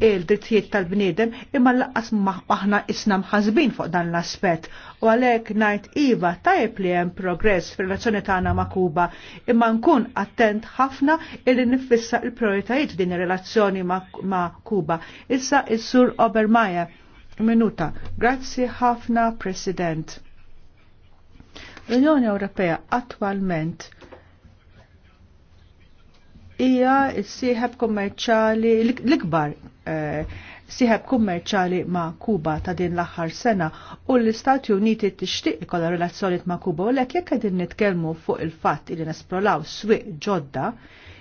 il-drittijiet tal bnidem imma laqqas aħna isna mħazbin fuq dan l-aspet u għalek najt Iva tajb li hemm progress fil-relazzjoni tagħna ma' Kuba imma nkun attent ħafna illi nifissa il-prioritajiet din ir-relazzjoni ma' Kuba. Issa is-Sur Obermaja. Minuta. Grazzi ħafna President. L-Unjoni Ewropea attwalment hija s sieħab kummerċali l-ikbar eh, sieħab kummerċali ma' Kuba ta' din l-aħħar sena u l-Istati Uniti tixtieq ikolla relazzjoniet ma' Kuba u lek jekk qegħdin nitkellmu fuq il-fatt li nesprolaw swieq ġodda,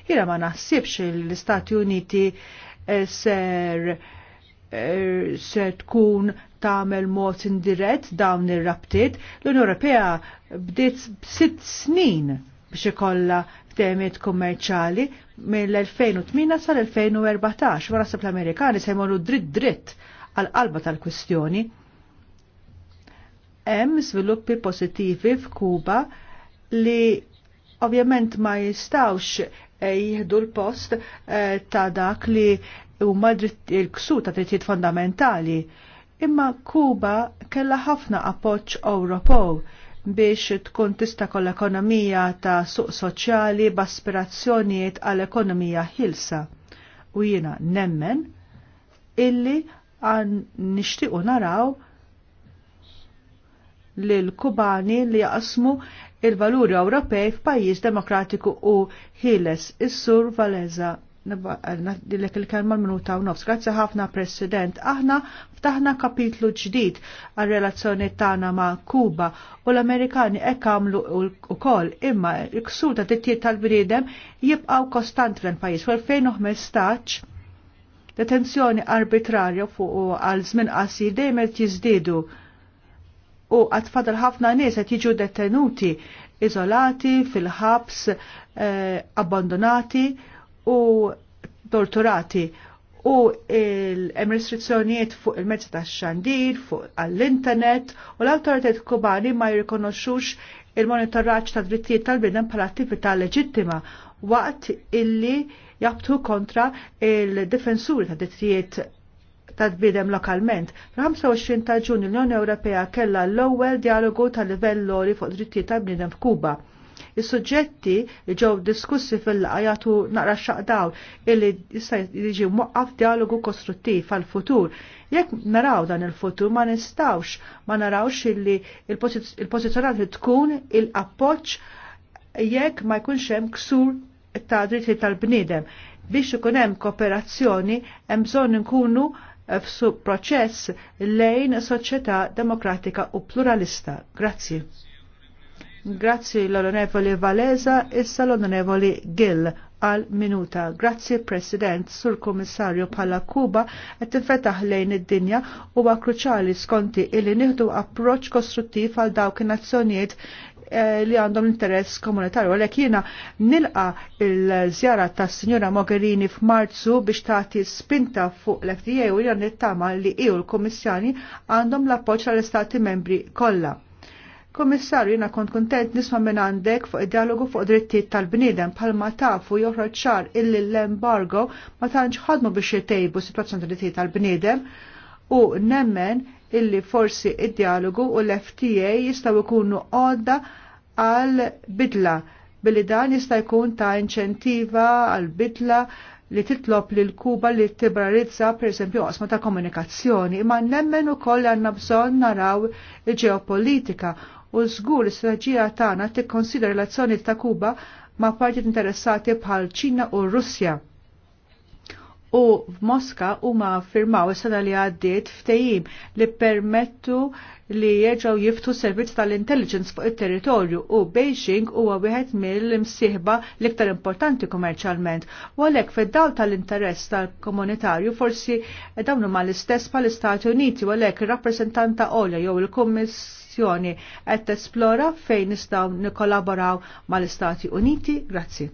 jira ma naħsibx l-Istati Uniti eh, ser eh, se tkun tagħmel mod indirett dawn ir-rabtiet, l-Unjoni Ewropea bdiet sitt snin biex ikollha temiet kummerċali mill-2008 sal-2014 wara sab l-Amerikani se jmorru dritt dritt għal qalba tal-kwistjoni. Hemm sviluppi pożittivi f'Kuba li ovvjament ma jistawx eh, jihdu l-post eh, ta' dak li huma l ksu ta' drittijiet fondamentali. Imma Kuba kella ħafna appoġġ Ewropew biex tkun tista' kol ekonomija ta' suq soċjali b'aspirazzjonijiet għal ekonomija ħilsa. U jiena nemmen illi għan nixtiequ naraw lil kubani li jaqsmu il-valuri Ewropej f'pajjiż demokratiku u ħieles is-sur Valeza Dilek il-kelma l-minuta u nofs. Grazzi ħafna, President. Aħna ftaħna kapitlu ġdid għal relazzjoni tagħna ma' Kuba u l-Amerikani hekk għamlu wkoll imma l-ksur ta' tal-bniedem jibqaw kostant fl-pajjiż. U 2015 detenzjoni arbitrarja fuq għal żmien qasir dejjem qed jiżdiedu u għatfadal ħafna nies qed jiġu detenuti, iżolati fil-ħabs, eh, abbandonati u torturati u hemm restrizzjonijiet fuq il-mezz tax-xandir, fuq għall-internet u l autoritet kubani ma jirrikonoxxux il monitorraċ ta' drittijiet tal bidem bħala attività leġittima waqt illi jabtu kontra il-difensuri ta' drittijiet ta' bidem lokalment. Fl-25 ta' ġunju l-Unjoni Ewropea kellha l-ewwel dialogu tal livell loli fuq drittijiet tal bidem f'Kuba Is-suġġetti li ġew diskussi fil-qajatu naqra xaqdaw illi jista' jiġi mwaqqaf dialogu kostruttiv għal futur Jekk naraw dan il-futur ma nistawx ma narawx illi il-pożizzjonat li tkun il-appoġġ jekk ma jkunx hemm ksur ta' dritti tal-bniedem. Biex ikun hemm kooperazzjoni hemm bżonn nkunu f'su proċess lejn soċjetà demokratika u pluralista. Grazzi. Grazzi l-Onorevoli Valeza issa l-Onorevoli Gill għal minuta. Grazzi President sur Komissarju bħala Kuba qed tinfetaħ lejn id-dinja huwa kruċali skonti illi nieħdu approċċ kostruttiv għal dawk in-nazzjonijiet eh, li għandhom interess komunitarju. Għalek jina nilqa il-zjara ta' Signora Mogherini f'Marzu biex tagħti spinta fuq l-FDA u jina nittama li iju l-Komissjani għandhom l-appoċ għall-Stati membri kollha Kommissarju, jina kont kontent nisma minn għandek fuq id-dialogu fuq drittijiet tal-bniedem palma tafu joħroġ ċar illi l-embargo ma tantx ħadmu biex jitejbu situazzjoni drittijiet tal-bniedem u nemmen illi forsi id-dialogu u l-FTA jistaw ikunu għodda għal bidla billi dan jista' jkun ta' inċentiva għal bidla li titlob l Kuba li tibrarizza per esempio qosma ta' komunikazzjoni, imma nemmen ukoll għandna bżonn naraw il-ġeopolitika u żgur l-istraġija tagħna tikkonsidra relazzjoni ta' Kuba ma' partit interessati bħal Ċina u Russja u f'Mosca huma firmaw is-sena li għaddiet ftehim li permettu li jerġgħu jiftu servizz tal-intelligence fuq it-territorju u Beijing huwa wieħed mill-imsieħba l-iktar importanti kummerċjalment. U għalhekk fid-dawl tal-interess tal-komunitarju forsi dawn huma l-istess bħall-Istati Uniti u għalhekk ir-rappreżentanta Olja jew il-Kummiss kwistjoni qed tesplora fejn nistgħu nikkolaboraw mal-Istati Uniti. Grazzi.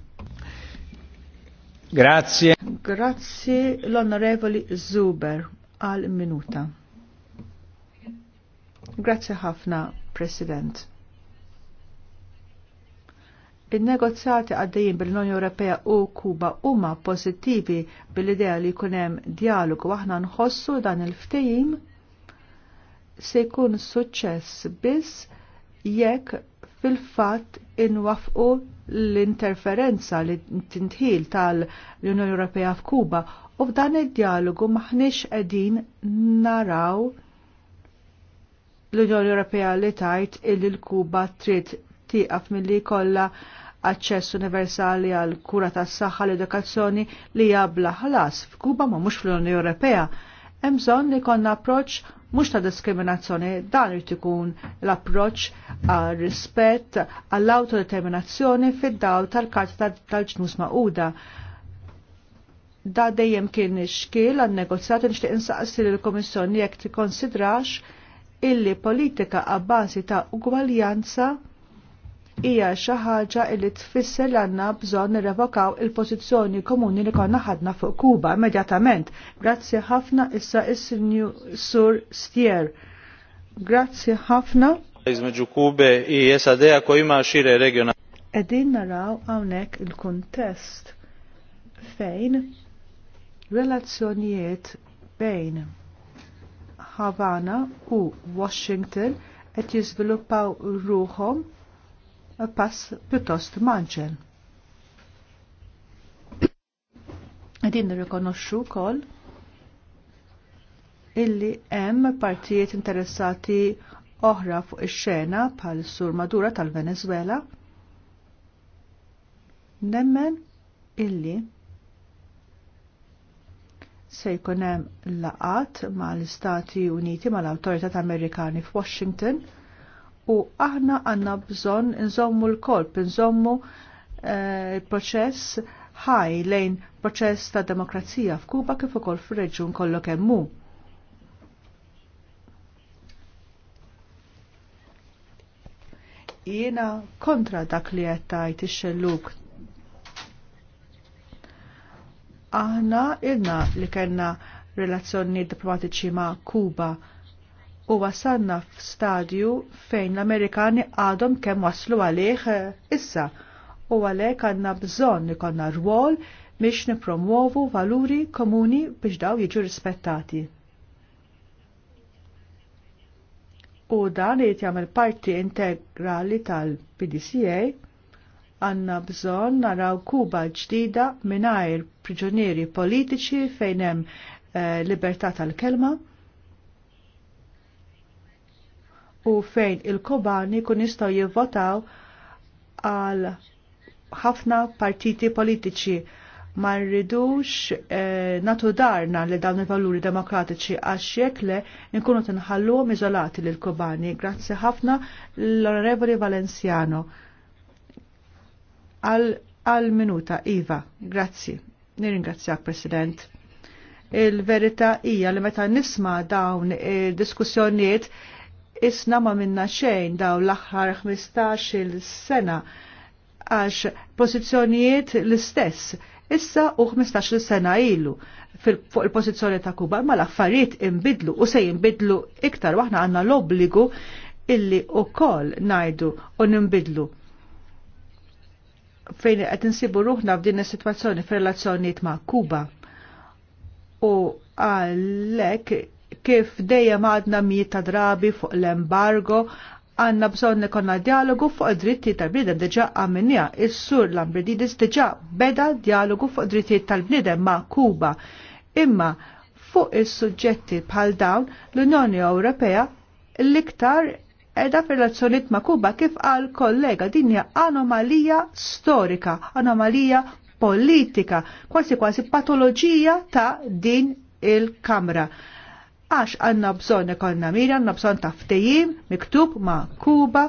Grazie. Grazzi l-Onorevoli Zuber għal minuta. Grazzi ħafna, President il-negozjati għaddejjin bil-Unjoni Ewropea u Kuba huma pożittivi bil-idea li jkun hemm dialogu aħna nħossu dan il-ftehim se jkun suċċess biss jekk fil-fatt inwafqu l-interferenza li tintħil tal-Unjoni Ewropea f'Kuba u f'dan id-dialogu maħniex qegħdin naraw l-Unjoni Ewropea li tajt illi l-Kuba trid tieqaf milli kollha aċċess universali għal kura tas saħħa l-edukazzjoni li jabla ħlas f'Kuba ma mhux fl-Unjoni Ewropea. Hemm bżonn li konna approċċ mhux ta' diskriminazzjoni, dan irid ikun l-approċċ għal rispett għall-autodeterminazzjoni fid-dawl tal-Karta tal-Ġnus Maquda. Da dejjem kien xkiel għan negozjat nixtieq insaqsi lill-Kummissjoni jekk tikkonsidrax illi politika għabbażi ta' ugwaljanza hija xi ħaġa li tfisser li għandna bżonn nirrevokaw il-pożizzjoni komuni li konna ħadna fuq Kuba immedjatament. Grazzi ħafna issa is-Sur Stier. Grazzi ħafna. Izmeġu Kube i jesadea kojma xire regjonali. Edin naraw hawnhekk il-kuntest fejn relazzjonijiet bejn Havana u Washington qed jiżviluppaw ruhom pass pjuttost manċel. Għedin nirrikonoxxu wkoll illi hemm partijiet interessati oħra fuq ix-xena bħal sur Madura tal-Venezuela. Nemmen illi se jkun hemm laqat mal-Istati Uniti mal-Awtorità Amerikani f'Washington u aħna għanna bżon nżommu l kolp nżommu eh, il-proċess ħaj lejn proċess ta' demokrazija f'Kuba kif ukoll fir-reġjun kollok hemmu. hu. Jiena kontra dak li qed tgħid ix-xelluk. Aħna ilna li kellna relazzjoni diplomatiċi ma' Kuba u wasalna f'stadju fejn l-Amerikani għadhom kemm waslu għalih eh, issa u għalhekk għandna bżonn ikonna rwol biex nipromuovu valuri komuni biex daw jiġu rispettati. U dan li jagħmel parti integrali tal-PDCA għanna bżon naraw Kuba ġdida mingħajr priġunieri politiċi fejn hemm eh, libertà tal-kelma u fejn il-Kobani kun jistgħu jivvotaw għal ħafna partiti politiċi ma rridux eh, natu darna li dawn il-valuri demokratiċi għax jekk le nkunu tinħalluhom iżolati lil Kobani. Grazzi ħafna l-Onorevoli Valenciano. Għal minuta, Iva, grazzi. Nirringrazzjak, President. Il-verita hija li meta nisma' dawn id diskussjonijiet isna ma minna xejn daw l-aħħar 15 sena għax pozizjonijiet l-istess issa u 15 sena ilu fuq il-pozizjoni ta' Kuba ma l-affarijiet imbidlu u se jimbidlu iktar waħna għanna l-obbligu illi u koll najdu u nimbidlu fejn qed insibu ruħna f'din is-sitwazzjoni fir-relazzjonijiet ma' Kuba. U għalhekk kif dejjem għadna mijiet ta' drabi fuq l-embargo għanna bżon nekonna dialogu fuq dritti tal-bnidem diġa għamminja. Is-sur Lambridis deġa beda dialogu fuq dritti tal-bnidem ma' Kuba. Imma fuq is-suġġetti bħal dawn l-Unjoni Ewropea l-iktar edha fil ma' Kuba kif għal kollega din hija anomalija storika, anomalija politika, kwasi kwasi patoloġija ta' din il-Kamra għax għanna bżon ikonna mira, għanna bżon taftejim, miktub ma' Kuba,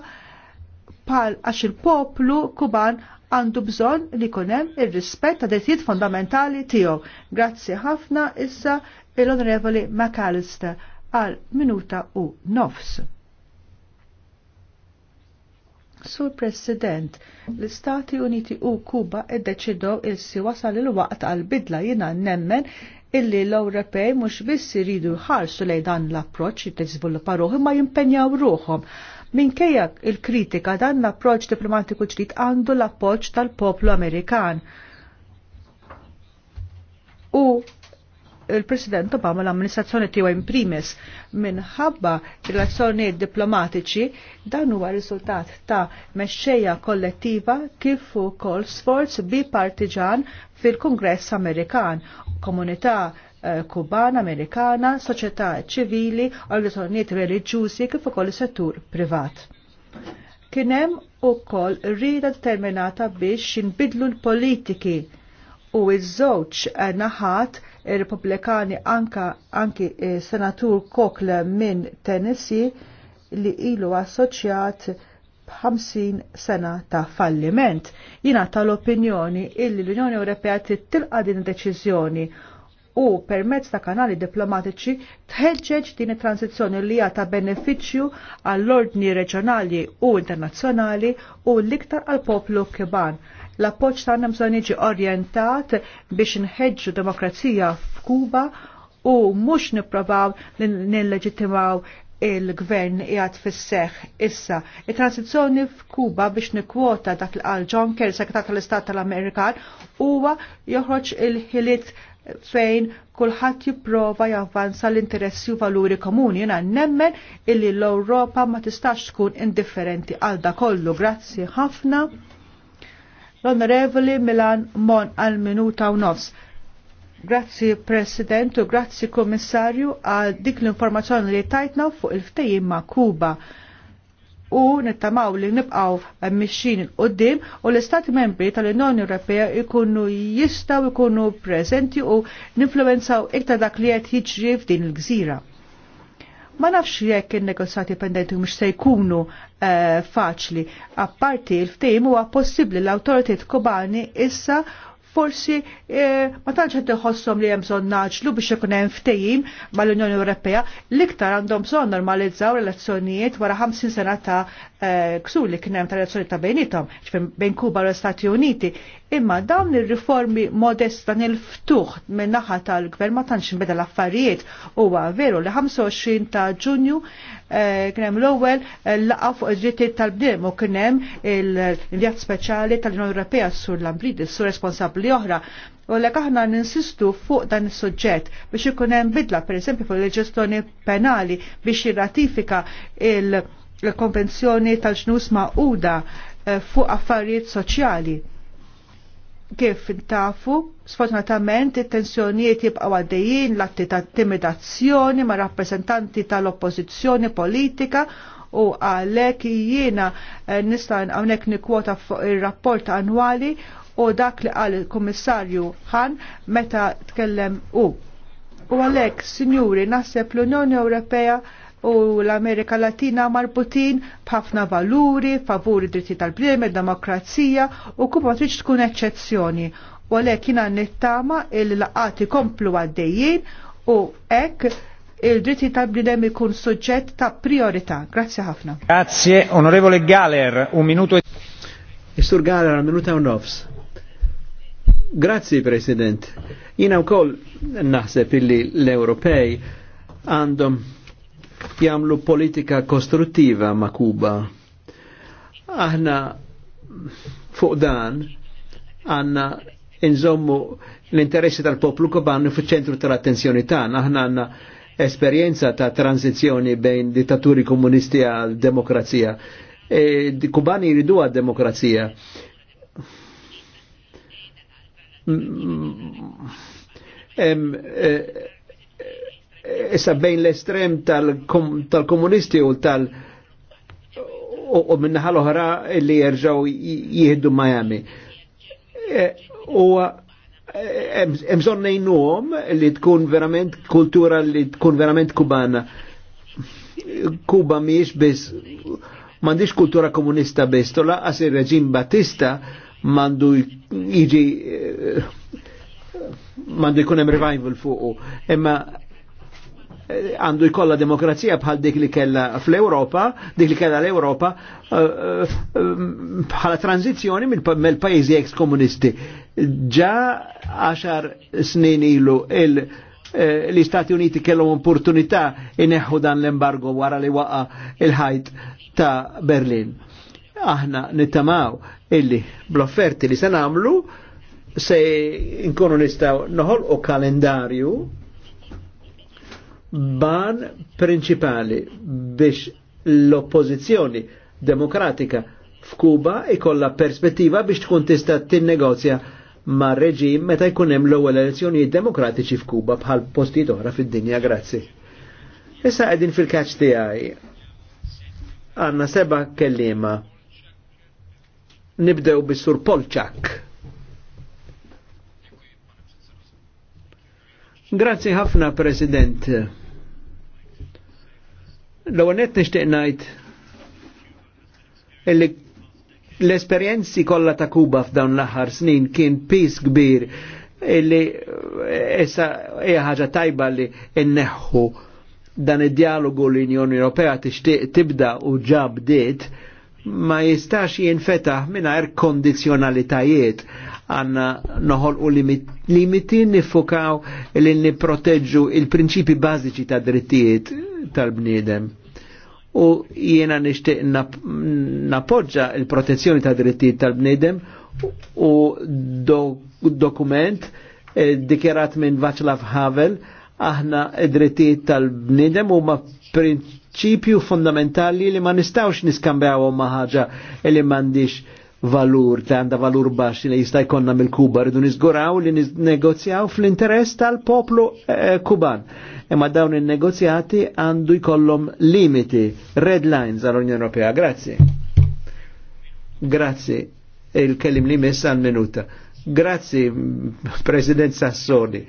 pal għax il-poplu kuban għandu bżon li kunem il-rispett ta' drittijiet fondamentali tiegħu. Grazzi ħafna issa l-Onorevoli McAllister għal minuta u nofs. Sur President, l-Istati Uniti u Kuba id-deċidow il-si il-waqt għal-bidla jina nemmen illi l-Ewropej mhux biss iridu jħarsu lejn dan l-approċċ li tiżviluppa ruħhom ma jimpenjaw ruhom. Minkejja il-kritika dan l-approċċ diplomatiku ġdid għandu l-appoġġ tal-poplu Amerikan. U il-President Obama l-amministrazzjoni tiegħu imprimis minħabba relazzjonijiet diplomatiċi dan huwa riżultat ta' mexxejja kollettiva kif ukoll sforz bipartiġan fil-Kungress Amerikan, komunità eh, kubana, amerikana, soċjetà ċivili, organizzazzjonijiet reliġjużi kif ukoll settur privat. Kien hemm ukoll rida determinata biex jinbidlu l-politiki u iż-żewġ naħat il-Republikani anka anki eh, senatur Kokla minn Tennessee li ilu assoċjat 50 sena ta' falliment. Jina tal-opinjoni illi l-Unjoni Ewropea tittilqa din deċiżjoni u permezz ta' kanali diplomatiċi tħeġġeġ din it-transizzjoni li hija ta' benefiċċju għall-ordni reġjonali u internazzjonali u l-iktar għall poplu kiban L-appoġġ tagħna bżonn jiġi orjentat biex nħeġġu demokrazija f'Kuba u mhux nipprovaw nilleġittimaw il-gvern jgħat fis-seħ issa. Il-transizzjoni f'Kuba biex nikwota dak l-qal John Kerry, sekretar tal-Istat tal-Amerikan, huwa joħroġ il-ħiliet fejn kulħadd jipprova javvanza l-interessi u valuri komuni. Jiena nemmen illi l-Ewropa ma tistax tkun indifferenti għal da kollu. Grazzi ħafna l-Onorevoli Milan Mon għal minuta u nofs. Grazzi President u grazzi Komissarju għal dik l-informazzjoni li tajtna fuq il-ftejim ma' Kuba u nittamaw li nibqaw mixin il-qoddim u l-Istati membri tal-Unjoni Ewropea ikunu jistaw ikunu prezenti u ninfluenzaw iktar dak li qed jiġri f'din il-gżira. Ma nafx jekk il-negozjati pendenti mhux se jkunu uh, faċli. Apparti l-ftehim huwa possibbli l-awtoritajiet kubani issa forsi eh, ma tantx qed iħossom li hemm bżonn naġlu biex ikun hemm ftehim mal-Unjoni Ewropea l-iktar għandhom bżonn normalizzaw relazzjonijiet wara 50 sena ta' eh, ksur li kien hemm ta' relazzjoni ta' bejnietom bejn Kuba u l-Istati Uniti. Imma dawn ir-riformi modesta nil-ftuħ minnaħa naħa tal-gvern ma tantx beda l-affarijiet huwa veru li 25 ta' Ġunju eh, kien hemm l-ewwel eh, laqgħa fuq id-drittijiet tal-bdiem u kien hemm il invjat speċjali tal-Unjoni Ewropea sur Lambridis sur responsabbli oħra u l aħna ninsistu fuq dan is-suġġett biex ikun hemm bidla pereżempju fuq il-ġestjoni penali biex jirratifika il-konvenzjoni tal-ġnus ma' eh, fuq affarijiet soċjali kif tafu, sfortunatament it-tensjonijiet jibqgħu għaddejjin l-atti ta' intimidazzjoni ma' rappreżentanti tal-oppożizzjoni politika u għalhekk jiena eh, nista' hawnhekk nikwota fuq ir-rapport annwali u dak li qal il-Kummissarju Han meta tkellem u. U għalhekk, Sinjuri, naħseb l-Unjoni Ewropea u l-Amerika Latina marbutin b'ħafna valuri, favuri dritti tal-bniedem, demokrazija u Kuba trix tkun eċċezzjoni. U għalhekk jiena nittama il-laqati komplu għaddejjin u hekk il-dritti tal-bniedem ikun suġġett ta' priorità. Grazzi ħafna. Grazie, Onorevole Galer, un minuto. E- Istur Galer, un minuto e un nofs. Grazzi, President. Jina u koll naħseb illi l-Ewropej għandhom jamlu politika kostruttiva ma' Kuba. Aħna fuq dan għanna inżommu l-interessi tal-poplu kubanu fuq ċentru tal-attenzjoni tan. Aħna għanna esperienza ta' tranzizjoni bejn dittaturi komunisti għal demokrazija. E, kubani jridu għal demokrazija. Em, e, issa bejn l-estrem tal-komunisti u tal- u minnaħa l ohra li jirġaw jihdu Miami. E, u e, emżonnej nuħom li tkun verament kultura li tkun verament kubana. Kuba miex bis mandiġ kultura komunista bis tola għas il-reġim Batista mandu iġi e, mandu jkunem revival fuqu. Imma għandu jkollha demokrazija bħal dik li kella fl-Europa, dik li kella l-Europa eh, eh, bħala tranzizjoni mill-pajjiżi ex komunisti. Ġa għaxar snin ilu il- eh, l-Istati Uniti kellhom opportunità ineħħu dan l-embargo wara li waqa il-ħajt ta' Berlin. Aħna nittamaw illi bl-offerti li se nagħmlu se nkunu noħol u kalendarju ban principali biex l-oppozizjoni demokratika f'Kuba ikolla perspettiva biex tkun tista' tinnegozja ma' reġim meta jkun hemm l-ewwel elezzjonijiet demokratiċi f'Kuba bħal postijiet oħra fid-dinja, grazzi. Issa qegħdin fil-kaċ tiegħi. Għanna seba' kellima. Nibdew bis-sur Polċak. Grazzi ħafna, President. L-għonet nishtiq najt illi l-esperienzi kollha ta' Kuba f'dawn l-aħħar snin kien pis kbir illi eh, essa hija ħaġa tajba li inneħħu dan id-dialogu l-Unjoni Ewropea tixtieq tibda u ġabdiet bdiet ma jistax jinfetaħ minar kondizjonalitajiet għanna noħol u limiti nifukaw li niproteġu il-prinċipi bażiċi ta' drittijiet tal-bniedem. U jiena nishtiq napoġġa il-protezzjoni ta' drittijiet tal-bniedem u dokument eh, dikjerat minn Václav Havel aħna id-drittijiet tal-bniedem u ma' prinċipi prinċipju fondamentali li ma nistawx niskambjaw ma' ħaġa li m'għandix valur, ta' għanda valur baxi li jista' jkollna mill-Kuba, rridu nizguraw li negozjaw fl-interess tal-poplu eh, kuban. Imma dawn il-negozjati għandu jkollhom limiti, red lines għall-Unjoni Ewropea. Grazzi. Grazzi. il kelim li messa għal-minuta. Grazzi, President Sassoni.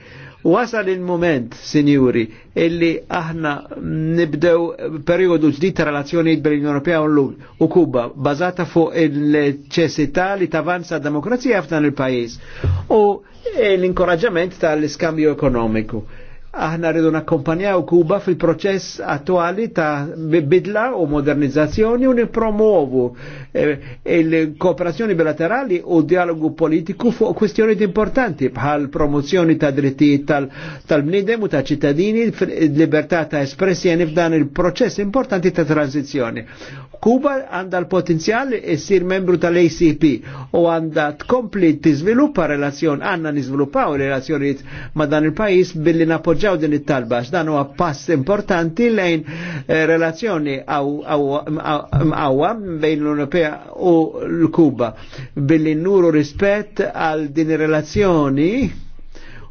Wasal il-moment, Signori, illi aħna nibdew periodu ġdid ta' relazzjonijiet bil-Unjoni Ewropea u Kuba, bazata fuq il-ċessità li tavanza demokrazija f'dan il-pajjiż u l-inkoraġġament tal-iskambju ekonomiku aħna rridu nakkompanjaw Kuba fil-proċess attuali ta' bidla u modernizzazzjoni u nipromuovu eh, il-kooperazzjoni bilaterali u dialogu politiku fuq kwestjoni importanti bħal promozzjoni ta' drittijiet tal-bnidem u ta' ċittadini, libertà ta' espressjoni f'dan il-proċess importanti ta' tranzizjoni. Kuba għandha l-potenzjal issir membru tal-ACP u għandha tkompli tiżviluppa relazzjon, għandna niżviluppaw relazzjonijiet ma' dan il-pajis billi napoġġaw din it-talba dan huwa pass importanti lejn eh, relazzjoni għawa bejn l-Europea u l-Kuba billi nuru rispett għal din il relazzjoni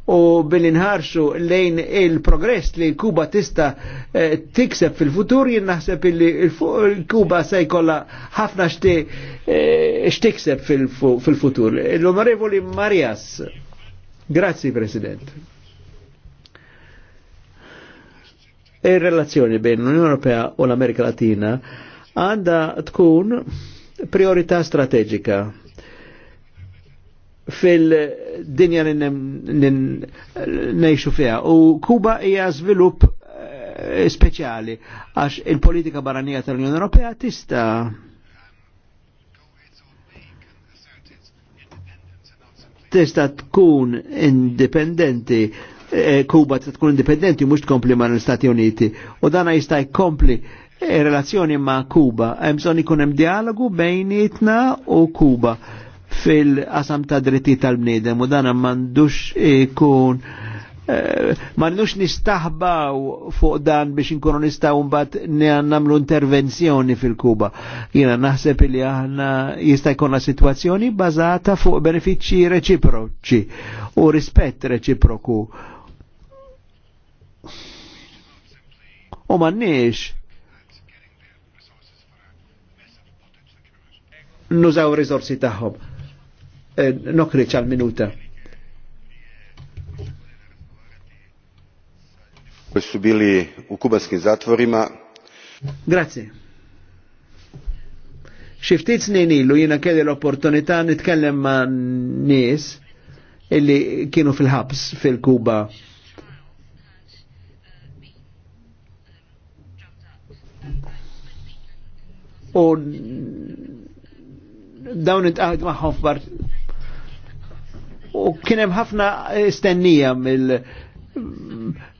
u bil-inħarsu lejn il-progress li Kuba tista eh, tikseb fil-futur jinn naħseb li Kuba se jkollha ħafna eh, xtikseb fil-futur. L-Onorevoli Marias. Grazzi President. il relazzjoni bejn l-Unjoni Ewropea u l-Amerika Latina għanda tkun priorità strategika fil-dinja li nejxu fija. U Kuba hija żvilupp eh, speċjali għax il-politika barranija tal-Unjoni Ewropea tista' tista' tkun indipendenti eh, Kuba tista' tkun indipendenti mhux tkompli ma' l-Istati Uniti u dana jista' jkompli eh, relazzjoni ma' Kuba hemm bżonn ikun hemm dialogu bejnietna u Kuba fil-qasam ta' dritti tal-bniedem u dan m'għandux ikun eh, ma nux nistaħbaw fuq dan biex nkunu nistaw mbagħad nagħmlu intervenzjoni fil-Kuba. Jiena naħseb li aħna jista' jkollna sitwazzjoni bażata fuq benefiċċji reċiproċi u rispett reċiproku. U m'għandniex nużaw rizorsi tagħhom. Eh, nokriċ għal minuta. koji su bili u kubanskim zatvorima. Grazie. Xiftit snin ilu jina kelli l-opportunità nitkellem ma' nies illi kienu fil-ħabs fil-Kuba. U dawn it-għad maħħom u kienem ħafna eh, istennija mill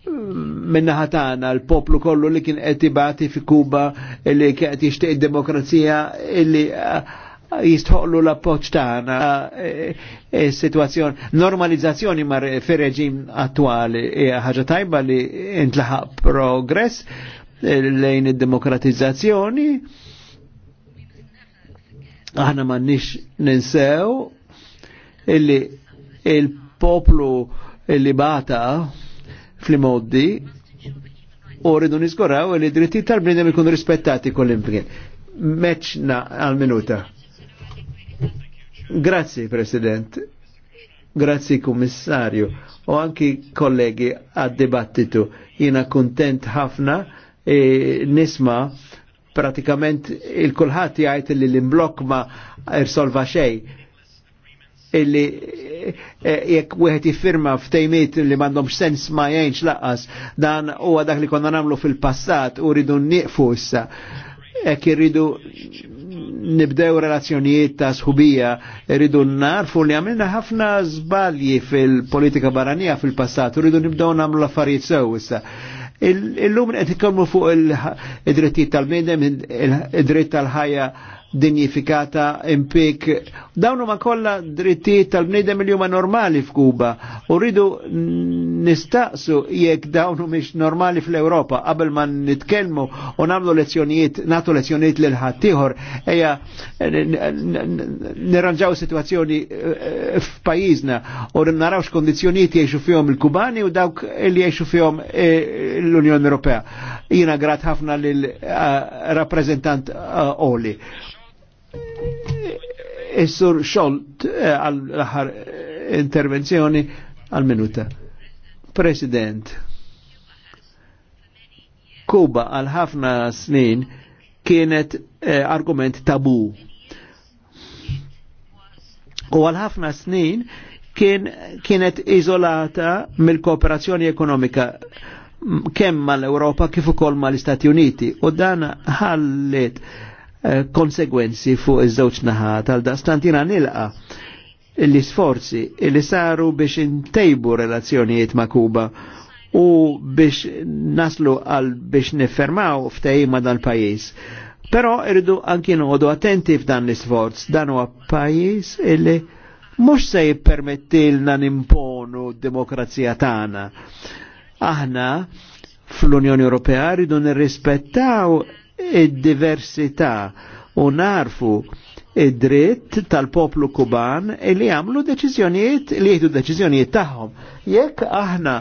minna ħatana l-poplu kollu li kien etibati fi Kuba li kien il demokrazija illi eh, jistħollu l poċtana eh, situazzjon normalizzazzjoni mar fi reġim attwali hija ħaġa tajba li intlaħa progress lejn id-demokratizzazzjoni aħna m'għandniex ninsew illi il-poplu li bata fl-moddi u rridu niskoraw li dritti tal-bnidem ikun rispettati kol-impien. Meċna għal-minuta. Grazzi, President. Grazzi, Kummissarju. U anki kollegi għad-dibattitu. Jina kontent ħafna e, nisma pratikament il-kulħat jgħajt li l-imblok ma irsolva xej illi eh, eh, jekk wieħed jiffirma ftejmiet li m'għandhomx sens ma jgħinx laqas dan huwa dak li konna nagħmlu fil-passat u rridu nieqfu issa jekk irridu nibdew relazzjonijiet ta' sħubija, rridu narfu li għamilna ħafna żbalji fil-politika barranija fil-passat, rridu nibdew nagħmlu l-affarijiet sew issa. Illum qed ikkommu fuq id-drittijiet tal-bniedem, id-dritt tal-ħajja dinjifikata impik. Dawnu ma kolla dritti tal-bnidem li huma normali f'Kuba u rridu nistaqsu jekk dawnu mhix normali fl-Ewropa qabel ma nitkellmu u nagħmlu lezzjonijiet, nagħtu lezzjonijiet lil ieħor. ejja nirranġaw situazzjoni eh, f'pajjiżna u narawx kondizzjonijiet jgħixu fihom il-Kubani u dawk li jgħixu fihom eh, l-Unjoni Ewropea. Jiena grat ħafna lil eh, rappreżentant Oli. Is-sur Xolt eh, għal ħar intervenzjoni għal-minuta. President, Kuba għal ħafna snin kienet eh, argument tabu. U għal ħafna snin kien, kienet izolata mill-kooperazzjoni ekonomika kemm mal-Europa kif ukoll mal-Istati Uniti. U dan ħallet Eh, konsegwenzi fuq iż-żewġ naħat għal daqstantina nilqa l-isforzi li saru biex intejbu relazzjonijiet ma' Kuba u biex naslu għal biex niffermaw ftehim ma' dal pajjiż. Però irridu anki noqogħdu attenti f'dan l-isforz, dan huwa pajjiż illi mhux se jippermettilna nimponu d-demokrazija tagħna. Aħna fl-Unjoni Ewropea rridu nirrispettaw id-diversità u narfu id-dritt tal-poplu kuban li għamlu deċiżjonijiet li jgħidu deċiżjonijiet tagħhom. Jekk aħna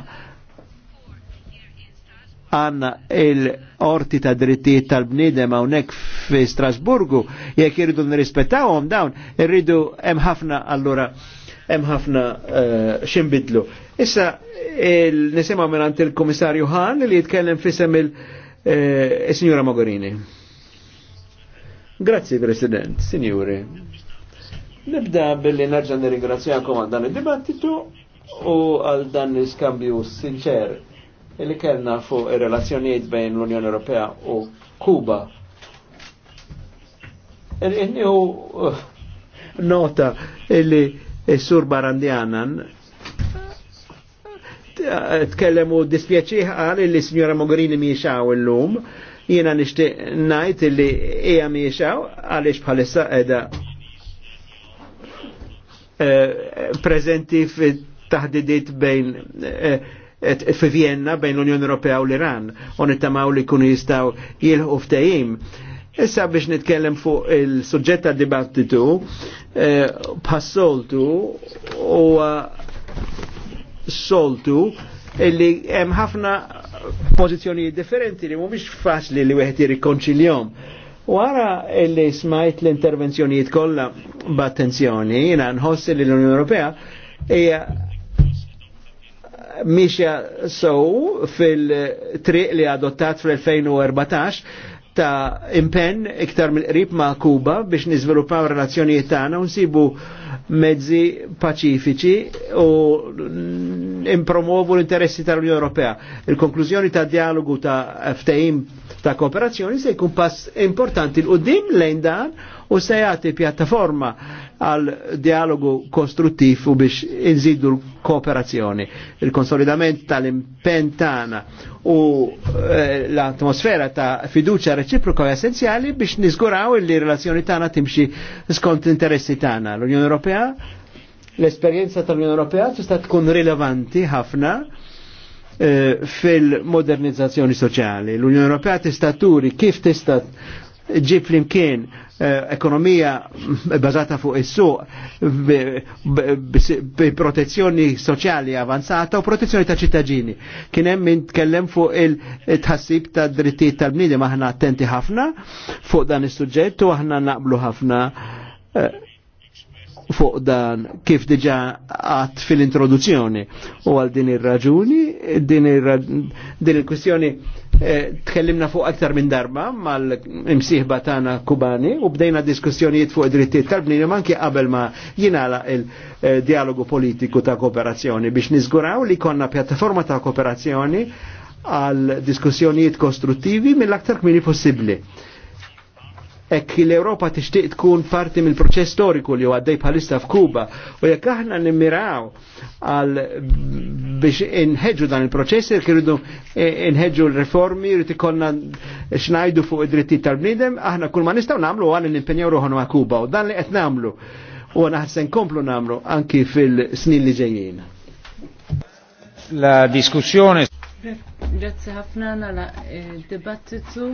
għanna il-orti ta' drittijiet tal-bnidem hawnhekk fi Strasburgu, jekk irridu nirrispettawhom dawn, irridu hemm ħafna allura hemm ħafna eh, ximbidlu. Issa il nisimgħu minn il-Kummissarju Hahn li jitkellem fisem il- Eh, e, signora Mogherini. Grazie President, signore. Nibda billi nerġa nirringrazzjakom għal dan il dibattitu u għal dan l-iskambju sinċer li kellna fuq ir-relazzjonijiet bejn l-Unjoni Ewropea u Kuba. il Inni uh, nota illi s-sur Barandjanan tkellem u dispjaċiħ għal li signora Mogherini miexaw l-lum, jena nishti najt li eja miexaw għalix bħalissa edha eh, prezenti f-tahdidit bejn eh, f Vienna bejn l-Unjoni Ewropea u l-Iran, oni tamaw li kunu jistaw jilħu f-tajim. Issa biex nitkellem fuq il sujġetta dibattitu, passoltu eh, u soltu illi hemm ħafna pożizzjoni differenti li mhumiex faċli li wieħed jirrikonċiljom. Wara illi smajt l-intervenzjonijiet kollha b'attenzjoni, jiena nħossi li l-Unjoni Ewropea hija mixja sow fil-triq li adottat fl-2014 ta' impenn iktar mill-qrib ma' Kuba biex nizviluppaw relazzjonijiet tagħna u nsibu mezzi paċifiċi u impromovu l-interessi tal-Unjoni Ewropea. Il-konklużjoni ta' dialogu ta' ftehim ta' kooperazzjoni se jkun pass importanti l qudiem lejn dan u se jagħti pjattaforma għal dialogu konstruttiv u biex inżidu l-kooperazzjoni. Il-konsolidament tal-impentana u eh, l-atmosfera ta' fiduċa reċiproka u essenzjali biex nizguraw li relazzjoni tana timxi skont interessi tana. L-Unjoni Ewropea, l-esperienza tal-Unjoni Ewropea tista' tkun rilevanti ħafna eh, fil-modernizzazzjoni soċjali. L-Unjoni Ewropea tista' turi kif tista' ġib flimkien Eh, ekonomija bazata fuq is-suq bi protezzjoni soċjali avanzata u protezzjoni ta' ċittadini. Kien hemm min tkellem fuq il-tħassib ta' drittijiet tal-bniedem aħna attenti ħafna fuq dan is-suġġett u aħna naqblu ħafna eh, fuq dan kif diġa għat fil-introduzzjoni u għal din ir-raġuni, din il-kwistjoni eh, tkellimna fuq aktar minn darba mal-imsiħba tana kubani u bdejna diskussjonijiet fuq drittijiet tal bnini anke qabel ma jinala il-dialogu eh, politiku ta' kooperazzjoni biex niżguraw li konna pjattaforma ta' kooperazzjoni għal diskussjonijiet kostruttivi mill-aktar kmini possibbli Ek l-Europa tixtieq tkun parti mill-proċess storiku li għaddej bħalista f'Kuba u jekk aħna nimmiraw għal biex inħeġġu dan il-proċess jekk irridu inħeġġu l-reformi jrid ikollna xnajdu fuq id-drittijiet tal-bniedem, aħna kull ma nistgħu nagħmlu għal nimpenjaw ruħna ma' Kuba u dan li qed nagħmlu u naħsen komplu nagħmlu anki fil-snin li ġejjin. La diskussjoni. Grazie ħafna nala eh, dibattitu.